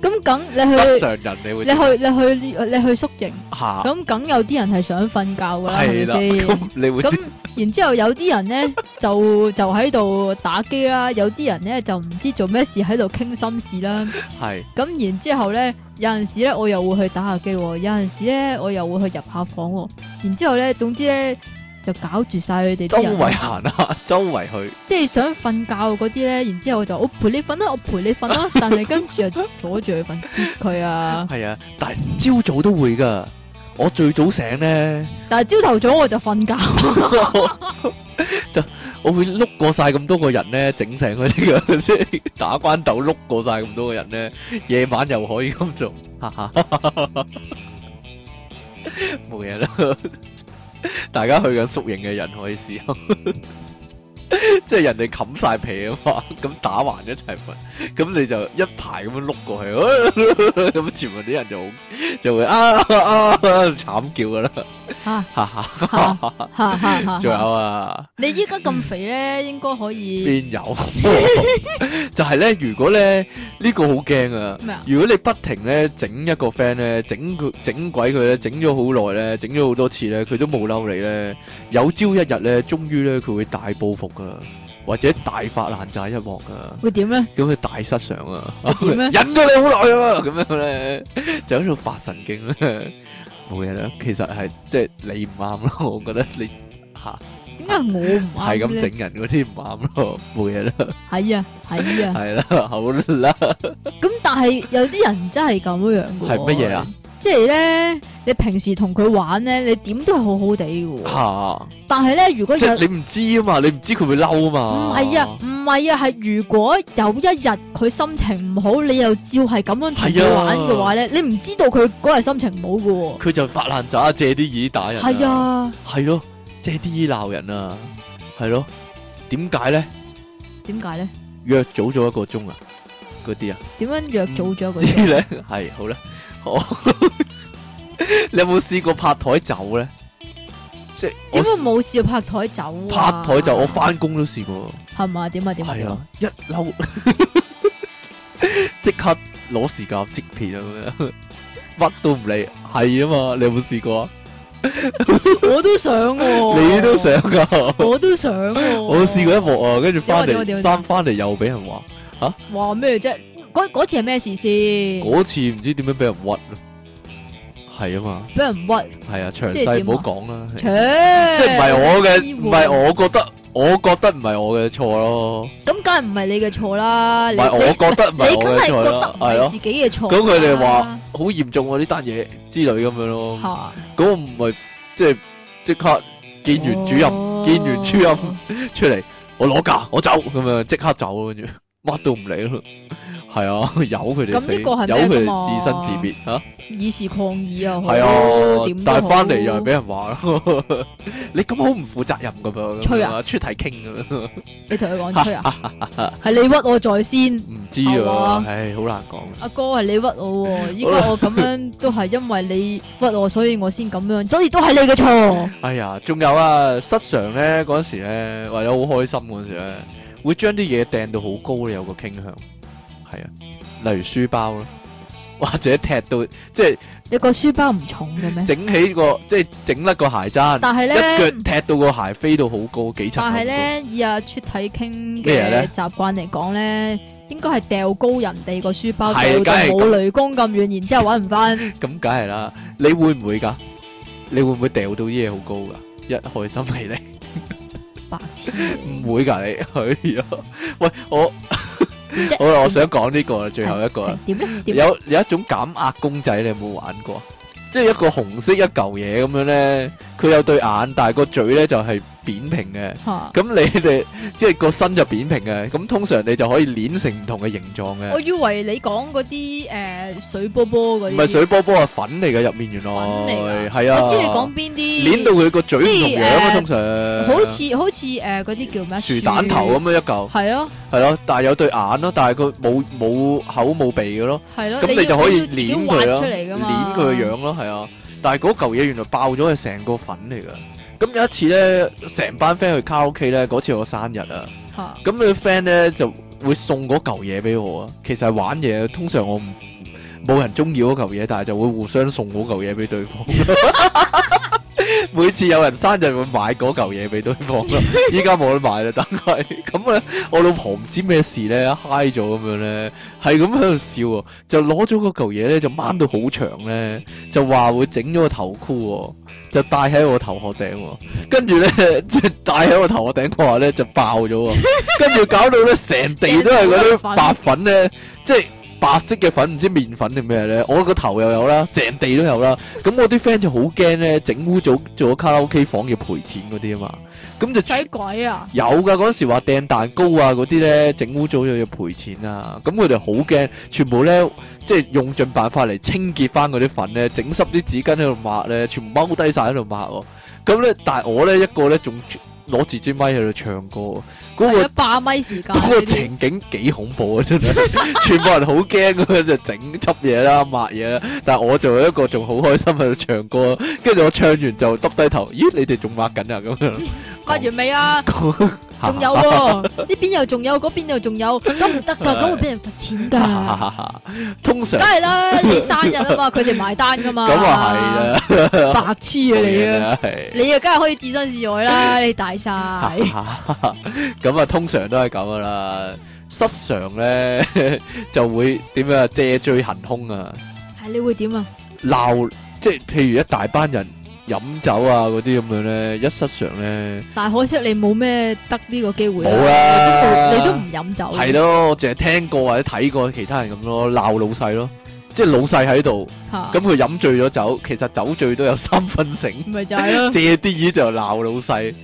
S1: 咁梗你去，你去你去你去宿營，咁梗有啲人係想瞓覺㗎啦，係咪先？咁你會咁，然之後有啲人咧就就喺度打機啦，有啲人咧就唔知做咩事喺度傾心事啦，係。咁然之後咧，有陣時咧我又會去打下機，有陣時咧我又會去入下房，然之後咧，總之咧。就搞住晒佢哋啲人，周圍
S2: 行啊，周圍去，
S1: 即係想瞓覺嗰啲咧。然之後我就我陪你瞓啦，我陪你瞓啦。但係跟住又阻住佢瞓，接佢啊。
S2: 係啊，但係朝早都會噶。我最早醒咧，
S1: 但係朝頭早我就瞓覺，就
S2: 我會碌過晒咁多個人咧，整醒佢哋嘅，即係打關斗碌過晒咁多個人咧。夜晚又可以咁做，冇嘢啦。 大家去緊宿營嘅人可以試下。 即係人哋冚晒皮啊嘛，咁打橫一齊瞓，咁你就一排咁樣碌過去，咁、啊嗯、前面啲人就就會啊啊慘、啊啊、叫噶啦、啊，哈哈哈，哈哈
S1: 哈，仲、啊啊、
S2: 有啊，
S1: 你依家咁肥咧，應該可以邊
S2: 有， 就係咧，如果咧呢、這個好驚啊，啊，如果你不停咧整一個 friend 咧整佢整鬼佢咧整咗好耐咧整咗好多次咧佢都冇嬲你咧，有朝一日咧終於咧佢會大報復。或者大發爛渣一幕啊！會點咧？咁佢大失常啊！點咧？忍 咗你好耐啊！咁樣咧，就喺度發神經啦！冇嘢啦，其實係即係你唔啱咯，我覺得你吓，
S1: 點解我唔係咁整
S2: 人嗰啲唔啱咯？冇嘢啦，
S1: 係啊，係啊，
S2: 係啦、啊 啊，好啦，
S1: 咁但係有啲人真係咁樣噶，係乜嘢啊？即係咧，你平時同佢玩咧，你點都係好好地噶、啊。吓、啊！但係咧，如果你唔
S2: 知啊嘛，你唔知佢會嬲啊嘛。唔係啊，
S1: 唔係啊，係如果有一日佢心情唔好，你又照係咁樣睇佢玩嘅話咧、啊，你唔知道佢嗰日心情唔好噶、啊。
S2: 佢就發爛渣，借啲耳帶。係啊。係咯，借啲耳鬧人啊，係咯、啊。點解咧？
S1: 點解咧？
S2: 約早咗一個鐘啊！嗰啲啊。
S1: 點樣約早咗一個鐘咧？
S2: 係 好啦。哦， 你有冇試過拍台走咧？
S1: 即係點會冇試過拍台走、啊？拍台走，
S2: 我翻工都試過。
S1: 係嘛？點啊？點係一嬲！
S2: 即 刻攞時間即撇，乜都唔理，係啊嘛？你有冇試過啊？
S1: 我都想喎、
S2: 啊。 你都想噶、啊？ 我
S1: 都想喎、
S2: 啊。 我試過一幕啊，跟住翻嚟翻翻嚟又俾人話啊？
S1: 話咩啫？ 嗰次係咩事先？嗰
S2: 次唔知點樣俾人屈咯，係啊嘛，俾人屈係啊，詳細唔好講啦。即係唔係我嘅，唔係我覺得，我覺得唔係我嘅錯咯。
S1: 咁梗係唔係你嘅錯啦？唔係我覺得你，你梗係覺得係自己嘅錯。咁佢哋話
S2: 好嚴重喎、啊，呢單嘢之類咁樣咯。吓，咁我唔係即係即刻見完主任，哦、見完主任出嚟，我攞架，我走咁樣，即刻走乜都唔理咯，係啊，由佢哋，由佢、啊、自生自滅吓、
S1: 啊，以示抗議好啊！係啊，但係翻嚟又俾
S2: 人話咯， 你咁好唔負責任噶噃？吹啊，出體 king，噶你
S1: 同佢講吹啊，
S2: 係 你
S1: 屈我在先，唔
S2: 知啊，唉、哎，好難講。阿、
S1: 啊、哥係你屈我，依家我咁樣都係因為你屈我，所以我先咁樣，所以都係你嘅錯。
S2: 哎呀，仲有啊，失常咧嗰時咧，為咗好開心嗰時咧。會將啲嘢掟到好高咧，有個傾向，係啊，例如書包咯，或者踢到，即係一個書包唔重嘅咩？整起個，即係整甩個鞋踭，但係咧一腳踢到個鞋飛到好高幾層，但係
S1: 咧以阿、啊、出體傾嘅習慣嚟講咧，應該係掉高人哋個書包掉得冇雷公咁遠，然之後揾唔翻，
S2: 咁梗係啦。你會唔會噶？你會唔會掉到啲嘢好高噶？一開心起嚟。 唔、啊、會噶、啊、你，去 喂，我好啦， 我想講呢個啦，最後一個啦。有有一種減壓公仔，你有冇玩過？即係、就是、一個紅色一嚿嘢咁樣咧，佢有對眼，但係個嘴咧就係、是。扁平嘅，咁你哋即係個身就扁平嘅，咁通常你就可以捏成唔同嘅形狀嘅。我以
S1: 為你講嗰啲誒水波波嗰啲，唔係水波
S2: 波啊，粉嚟嘅，入面原來粉嚟，係啊。我知你講邊
S1: 啲，捏到佢個嘴唔同樣啊，通
S2: 常好似
S1: 好似誒嗰啲叫咩？薯蛋頭咁
S2: 樣一嚿，係咯，係咯，但係有對眼咯，但係佢冇冇口冇鼻嘅咯，係咯。咁你就可以捏佢咯，捏佢嘅樣咯，係啊。但係嗰嚿嘢原來爆咗係成個粉嚟嘅。咁有一次咧，成班 friend 去卡拉 OK 咧，嗰次我生日啊，咁你 friend 咧就會送嗰嚿嘢俾我啊。其實玩嘢通常我唔冇人鍾意嗰嚿嘢，但係就會互相送嗰嚿嘢俾對方。 每次有人生日就會買嗰嚿嘢俾對方，依家冇得買啦，等佢咁咧，我老婆唔知咩事咧 嗨咗咁樣咧，係咁喺度笑，就攞咗嗰嚿嘢咧，就掹到好長咧，就話會整咗個頭箍，就戴喺我頭殼頂，跟住咧即係戴喺我頭殼頂嗰下咧就爆咗，跟 住搞到咧成地都係嗰啲白粉咧， 即係。白色嘅粉唔知麵粉定咩咧，我個頭又有啦，成地都有啦。咁我啲 friend 就好驚咧，整污糟做咗卡拉 OK 房要賠錢嗰啲啊嘛。
S1: 咁就使鬼啊！
S2: 有噶嗰時話掟蛋糕啊嗰啲咧，整污糟又要賠錢啊。咁佢哋好驚，全部咧即係用盡辦法嚟清潔翻嗰啲粉咧，整濕啲紙巾喺度抹咧，全部踎低晒喺度抹喎。咁咧，但係我咧一個咧仲攞住支咪喺度唱歌。嗰、那個
S1: 百、啊、米時間，嗰、那個、情
S2: 景幾恐怖啊！真係， 全部人好驚咁樣就整執嘢啦，抹嘢啦。但係我就一個仲好開心喺度唱歌，跟住我唱完就耷低頭。咦？你哋仲抹緊、嗯、啊？咁樣
S1: 刮完未啊？仲有喎，呢邊又仲有，嗰 邊又仲有。咁唔得㗎，咁會俾人罰錢㗎、啊啊啊。通常梗係啦，呢 三日啊嘛，佢 哋埋單㗎嘛。咁啊係啊，
S2: 白痴癡啊 你啊，啊，啊，
S1: 你啊梗係可以置身事外啦，你大、啊、晒。
S2: 咁啊，通常都係咁噶啦，失常咧 就會點樣啊，借醉行凶啊！
S1: 係你會點啊？
S2: 鬧，即係，譬如一大班人飲酒啊，嗰啲咁樣咧，一失常咧。
S1: 但係可惜你冇咩得呢個機會、啊，冇啦、啊，你都唔飲酒、啊。係咯，
S2: 我淨係聽過或者睇過其他人咁咯，鬧老細咯，即係老細喺度，咁佢飲醉咗酒，其實酒醉都有三分醒，咪就係咯，借啲嘢就鬧老細。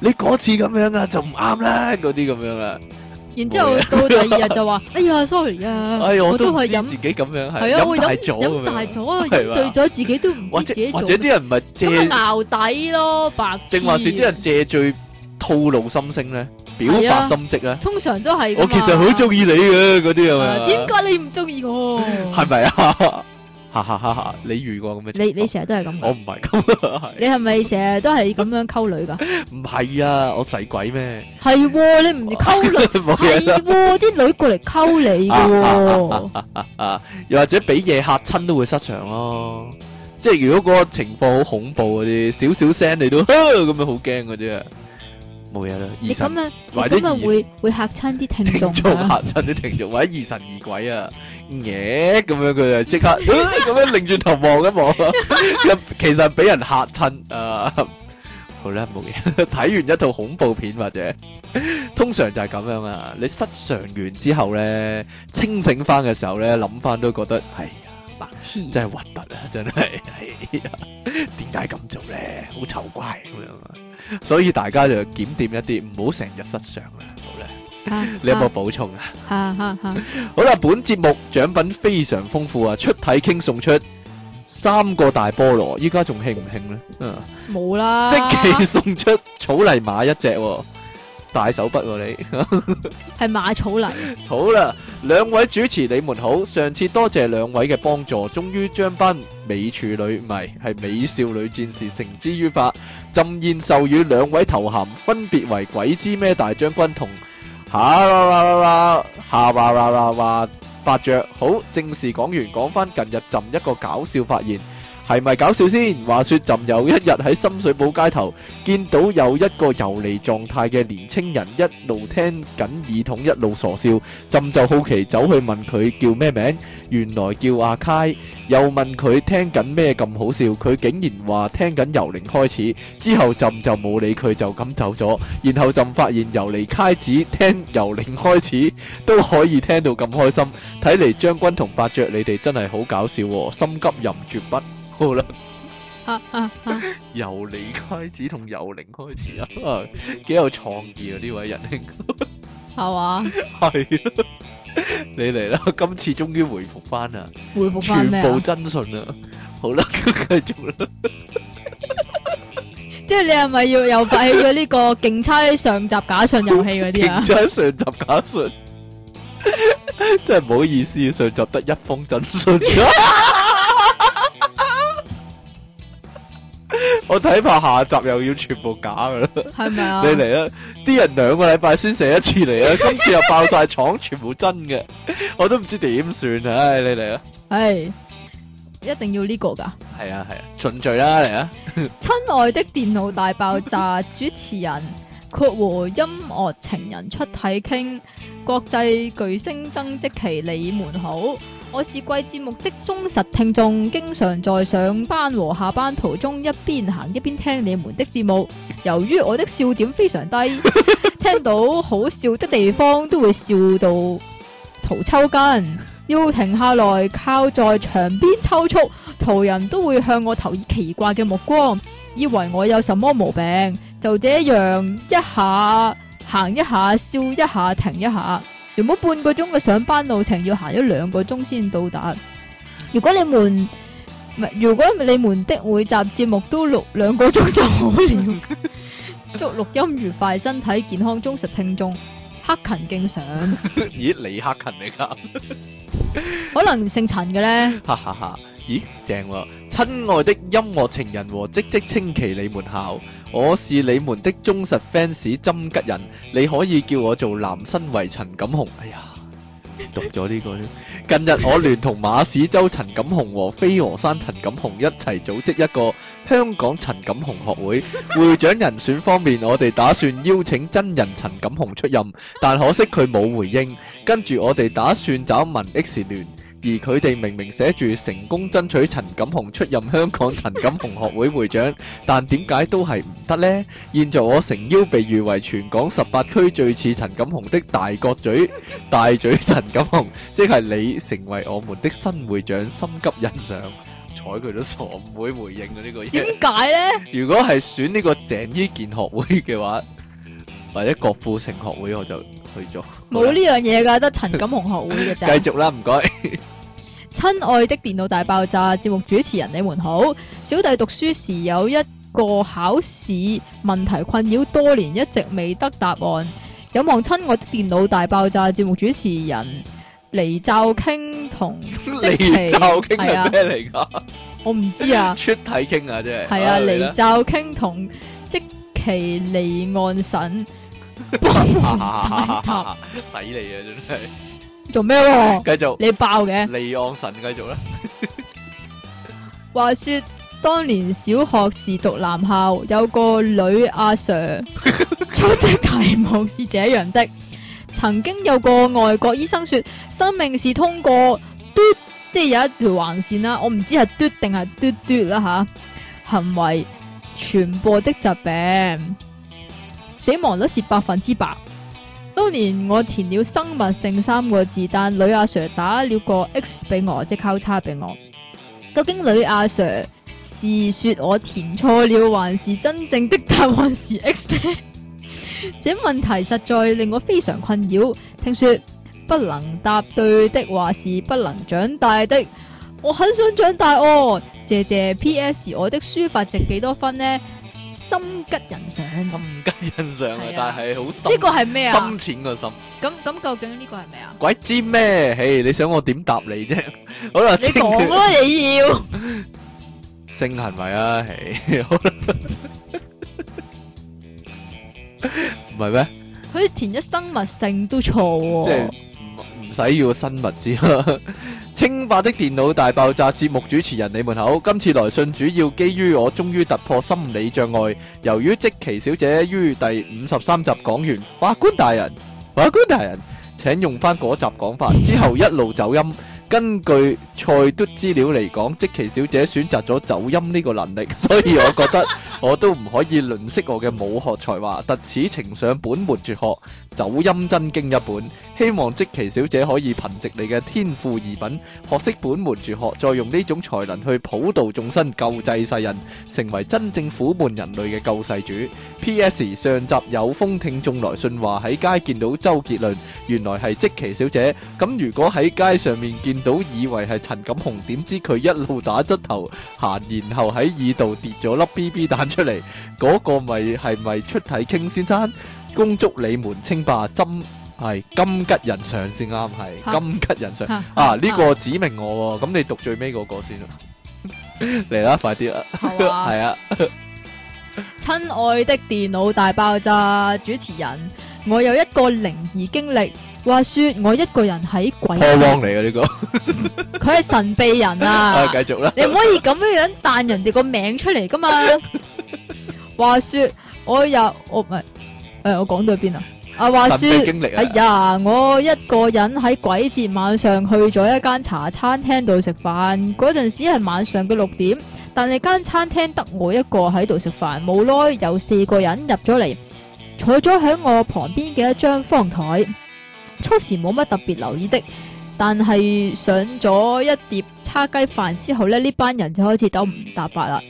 S2: 你嗰次咁樣啊，就唔啱啦，嗰啲咁樣啊。
S1: 然之後到第二日就話，哎呀，sorry 啊，我都係飲自
S2: 己咁樣係啊，飲大咗，飲大咗，醉咗，
S1: 自己都唔知自己做咩。或者啲
S2: 人唔係咁去熬
S1: 底咯，白正，或是啲人
S2: 借醉吐露心聲咧，表白心跡啊。
S1: 通常都係我其實
S2: 好中意你嘅嗰啲啊。點解
S1: 你唔中意我？
S2: 係咪啊？哈哈哈！哈你遇過咁嘅？你
S1: 你成日都係咁嘅？我唔係咁。你係咪成日都係咁樣溝女噶？
S2: 唔係啊！我使鬼咩？
S1: 係 喎、啊！你唔溝
S2: 女，係
S1: 喎、 啊！啲女過嚟溝你嘅喎、啊
S2: 啊。啊！又或者俾嘢嚇親都會失常咯。即係如果嗰個情況好恐怖嗰啲，少少聲你都咁樣好驚嗰啲啊！冇嘢啦，二神或者二神會
S1: 會嚇親啲聽眾嚇
S2: 親啲聽眾，或者疑神疑鬼啊，嘢咁樣佢就即刻咁樣擰轉頭望一望，其實俾人嚇親啊！好啦，冇嘢，睇完一套恐怖片或者通常就係咁樣啊！你失常完之後咧，清醒翻嘅時候咧，諗翻都覺得係白痴，真係核突啊！真係，係啊，點解咁做咧？好醜怪咁樣啊！所以大家就檢點一啲，唔好成日失常啦。好咧，
S1: 啊、 你有冇補充啊？啊啊啊
S2: 好啦，本節目獎品非常豐富啊，出體 king 送出三個大菠蘿，依家仲 king 唔 king 呢？嗯、
S1: 啊，冇啦。即刻
S2: 送出草泥馬一隻、啊。大手筆喎，你
S1: 係 馬草泥
S2: 好啦。兩位主持，你們好。上次多謝兩位嘅幫助，終於將班美處女唔係美少女戰士繩之於法。朕現授予兩位頭銜，分別為鬼知咩大將軍同下啦啦啦啦下哇啦啦哇。發爵好，正事講完，講翻近日朕一個搞笑發現。係咪搞笑先？話説朕有一日喺深水埗街頭見到有一個遊離狀態嘅年青人，一路聽緊耳筒，一路傻笑。朕就好奇走去問佢叫咩名，原來叫阿楷。又問佢聽緊咩咁好笑，佢竟然話聽緊由零開始。之後朕就冇理佢就咁走咗。然後朕發現遊離楷始，聽由零開始都可以聽到咁開心，睇嚟將軍同伯爵你哋真係好搞笑，哦。心急吟絕筆。好啦，啊啊，
S1: 啊
S2: 由你開始，同由零開始啊，幾 有創意啊呢位仁兄，
S1: 係 嘛是吧？
S2: 係， 你嚟啦！今次終於回復翻啦，回復翻，全部真信啦，好啦，繼續啦。
S1: 即係你係咪要又發起咗呢個競猜上集假信遊戲嗰啲啊？競猜
S2: 上集假信， 真係唔好意思，上集得一封真信。 我睇怕下集又要全部假噶啦，係咪啊？你嚟啊！啲人兩個禮拜先寫一次嚟啊，今次又爆晒廠， 全部真嘅，我都唔知點算啊！唉、哎，你嚟
S1: 啊！係、哎、一定要呢個噶，
S2: 係啊係啊，順序啦嚟啊！
S1: 親 愛的電腦大爆炸主持人，括弧音樂情人出體傾，國際巨星曾積淇，你們好。我是貴節目的忠實聽眾，經常在上班和下班途中一邊行一邊聽你們的節目。由於我的笑點非常低， 聽到好笑的地方都會笑到頭抽筋，要停下來靠在牆邊抽搐，途人都會向我投以奇怪嘅目光，以為我有什麼毛病。就這樣一下行一下笑一下停一下。原本半個鐘嘅上班路程要行咗兩個鐘先到達。如果你們唔係，如果你們的每集節目都錄兩個鐘就可憐。祝錄音愉快，身體健康，忠實聽眾，克勤敬上。
S2: 咦？李克勤你噶？
S1: 可能姓陳嘅咧。
S2: 哈哈哈！咦，正喎！哦，親愛的音樂情人和積積稱奇你校，你們好。我是你們的忠實 fans 針吉人，你可以叫我做南生圍陳錦雄。哎呀，讀咗呢個呢 近日我聯同馬屎洲陳錦雄和飛鵝山陳錦雄一齊組織一個香港陳錦雄學會，會長人選方面我哋打算邀請真人陳錦雄出任，但可惜佢冇回應。跟住我哋打算找文 X 聯。而佢哋明明寫住成功爭取陳錦雄出任香港陳錦雄學會會長，但點解都係唔得呢？現在我誠邀被譽為全港十八區最似陳錦雄的大角嘴大嘴陳錦雄，即係你成為我們的新會長。心急印象，睬佢都傻，唔會回應呢個嘢。點解呢？如果係選呢個鄭伊健學會嘅話？或者郭富城學會我就去咗，冇
S1: 呢樣嘢噶，得陳錦鴻學會嘅咋，繼續啦，唔該。親愛的電腦大爆炸節目主持人，你們好。小弟讀書時有一個考試問題困擾多年，一直未得答案。有望親愛的電腦大爆炸節目主持人黎兆卿同黎兆卿係咩嚟
S2: 噶？
S1: 我唔知道啊， 出體傾啊，係啊，黎兆卿同積淇。啊係離岸神幫忙大塔，
S2: 抵你啊，真係做咩？繼續你爆嘅離岸神繼，繼續啦。
S1: 話說當年小學時讀男校，有個女阿 sir 出的題目是這樣的： 曾經有個外國醫生說，生命是通過嘟，即係有一條橫線啦。我唔知係嘟定係嘟嘟啦吓，行為。傳播的疾病，死亡率是百分之百。當年我填了生物性三個字，但女阿 Sir 打了個 X 俾我，即交叉俾我。究竟女阿 Sir 是說我填錯了，還是真正的答案是 X 呢？ 這問題實在令我非常困擾。聽說不能答對的話是不能長大的。我很想長大哦，謝謝。P.S. 我的書法值幾多分呢？心吉人上，心
S2: 吉人上啊！但係好深，呢個係咩啊？深淺個深。
S1: 咁咁究竟呢個係咩啊？
S2: 鬼知咩？唉，你想我點答你啫？
S1: 我話清。你講啦，你要。
S2: 性係咪啊？係。唔係咩？
S1: 佢填咗生物性都錯。即係唔
S2: 唔使要生物知。清化的電腦大爆炸節目主持人，你們好。今次來信主要基於我終於突破心理障礙。由於積淇小姐於第五十三集講完，法官大人，法官大人，請用翻嗰集講法，之後一路走音。根據賽嘟資料嚟講，積淇小姐選擇咗走音呢個能力，所以我覺得我都唔可以吝惜我嘅武學才華，特此呈上本門絕學《走音真經》一本。希望積淇小姐可以憑藉你嘅天賦異稟，學識本門絕學，再用呢種才能去普度眾生、救濟世人，成為真正苦悶人類嘅救世主。P.S. 上集有封聽眾來信話喺街見到周杰倫，原來係積淇小姐。咁如果喺街上面見，到以為係陳錦紅，點知佢一路打側頭行，然後喺耳度跌咗粒 B B 彈出嚟，嗰個咪係咪出體 King 先生，恭祝你們稱霸，真係金吉人上先啱，係金吉人上啊！呢個指明我，咁你讀最尾嗰個先啦，嚟啦，快啲啦，係啊！
S1: 親愛的電腦大爆炸主持人，我有一個靈異經歷。話說我一個人喺鬼節，破浪嚟嘅呢個，嗯，佢係神秘人啊。繼 續啦，你唔可以咁樣樣彈人哋個名字出嚟噶嘛。 話說我有我唔係誒，我講、哎、到邊啊？啊，話說經歷，啊、哎呀，我一個人喺鬼節晚上去咗一間茶餐廳度食飯。嗰陣時係晚上嘅六點，但係間餐廳得我一個喺度食飯。冇耐有四個人入咗嚟，坐咗喺我旁邊嘅一張方台。初時冇乜特別留意的，但係上咗一碟叉雞飯之後呢，呢班人就開始九唔搭八啦。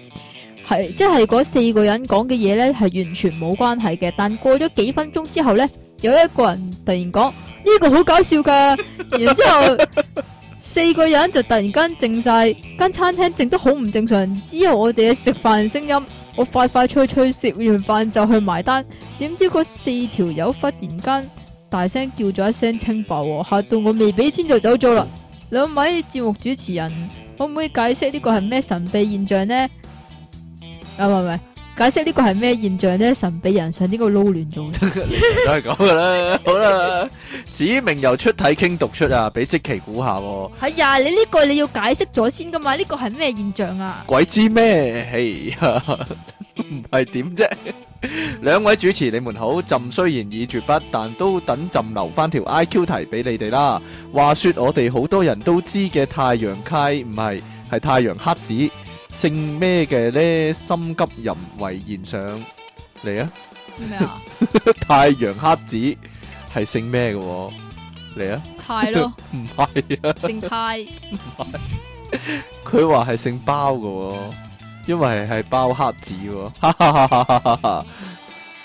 S1: 係即係嗰四個人講嘅嘢呢係完全冇關係嘅。但過咗幾分鐘之後呢，有一個人突然講呢個好搞笑噶，然之後 四個人就突然間靜晒，間餐廳靜得好唔正常。之後我哋嘅食飯聲音，我快快脆脆食完飯就去埋單，點知嗰四個四條友忽然間。大聲叫咗一聲清白喎，哦，嚇到我未俾錢就走咗啦！兩位節目主持人可唔可以解釋呢個係咩神秘現象呢？啊唔係解釋呢個係咩現象呢？神秘人上呢個撈亂咗，
S2: 都係咁噶啦。好啦，指 明由出體 King 讀出啊，俾積淇估下，啊。
S1: 係呀，你呢個你要解釋咗先噶嘛？呢，這個係咩現象啊？
S2: 鬼知咩？嘿，hey, 唔係點啫？兩 位主持，你們好。朕雖然已絕筆，但都等朕留翻條 I Q 題俾你哋啦。話說我哋好多人都知嘅太陽溪唔係係太陽黑子，姓咩嘅呢？心急人為言上嚟啊！咩、啊、 太陽黑子係姓咩嘅？嚟啊！太咯，唔 係啊？姓
S1: 太唔係。佢話
S2: 係姓包嘅。。因為係包黑字的，呢哈哈哈哈哈哈、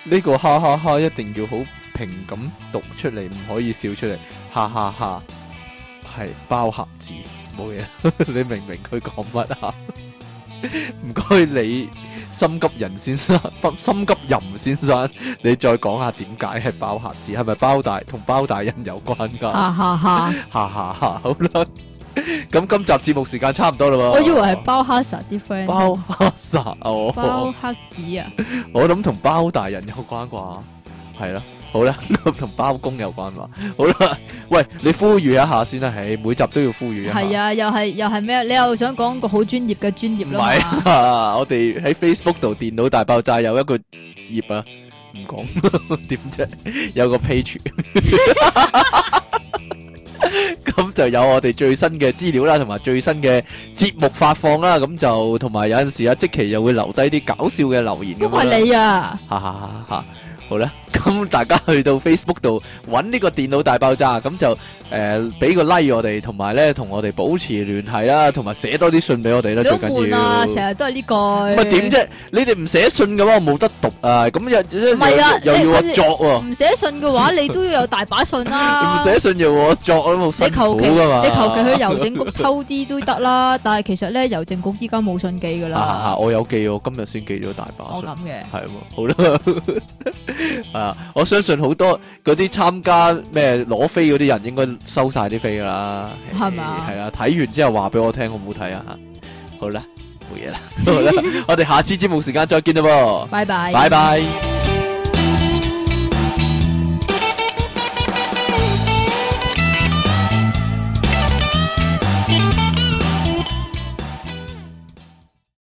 S2: 呢個哈哈哈一定要好平咁讀出嚟，唔可以笑出嚟，哈哈哈係包黑字，冇嘢，你明唔明佢講乜啊？唔該你心急人先生，心急人先生，你再講下點解係包黑字，係咪包大同包大人有關噶？啊哈哈哈哈哈，哈好啦。咁 今集節目時間差唔多啦，我以
S1: 為係包黑沙啲 friend，包
S2: 黑沙哦，包
S1: 黑子啊，
S2: 我諗同包大人有關啩，係啦，好啦，同包公有關嘛，好啦，喂，你呼籲一下先啦，唉，每集都要呼籲一下，
S1: 係啊，又係又係咩？你又想講個好專業嘅專業啦嘛？
S2: 啊、 我哋喺 Facebook 度電腦大爆炸有一個頁啊，唔講點啫，有個 page。 咁 就有我哋最新嘅資料啦，同埋最新嘅節目發放啦。咁就同埋有陣時啊，即期又會留低啲搞笑嘅留言啦。我話你啊！哈哈哈。好咧，咁大家去到 Facebook 度揾呢個電腦大爆炸，咁就誒，俾個 like 我哋，同埋咧，同我哋保持聯繫啦，同埋寫多啲信俾我哋啦，最緊要。成日
S1: 都係呢句。咁啊點啫？
S2: 你哋唔寫信嘅話，我冇得讀啊！咁又唔係啊？又要我作啊？唔
S1: 寫信嘅話，你都要有大把信啦。唔
S2: 寫信又我作啊！你求其你求其去郵政局偷
S1: 啲都得啦，但係其實咧，郵政局依家冇信寄噶啦。
S2: 我有寄，我今日先寄咗大把。我諗嘅係啊，好啦。 啊！我相信好多嗰啲參加咩攞飛嗰啲人應該，應該收晒啲飛㗎啦。係咪啊？係啊！睇完之後話俾我聽，好唔好睇啊？吓，冇嘢 好啦，冇嘢啦。好啦，我哋下次節目時間再見啦，拜拜，拜拜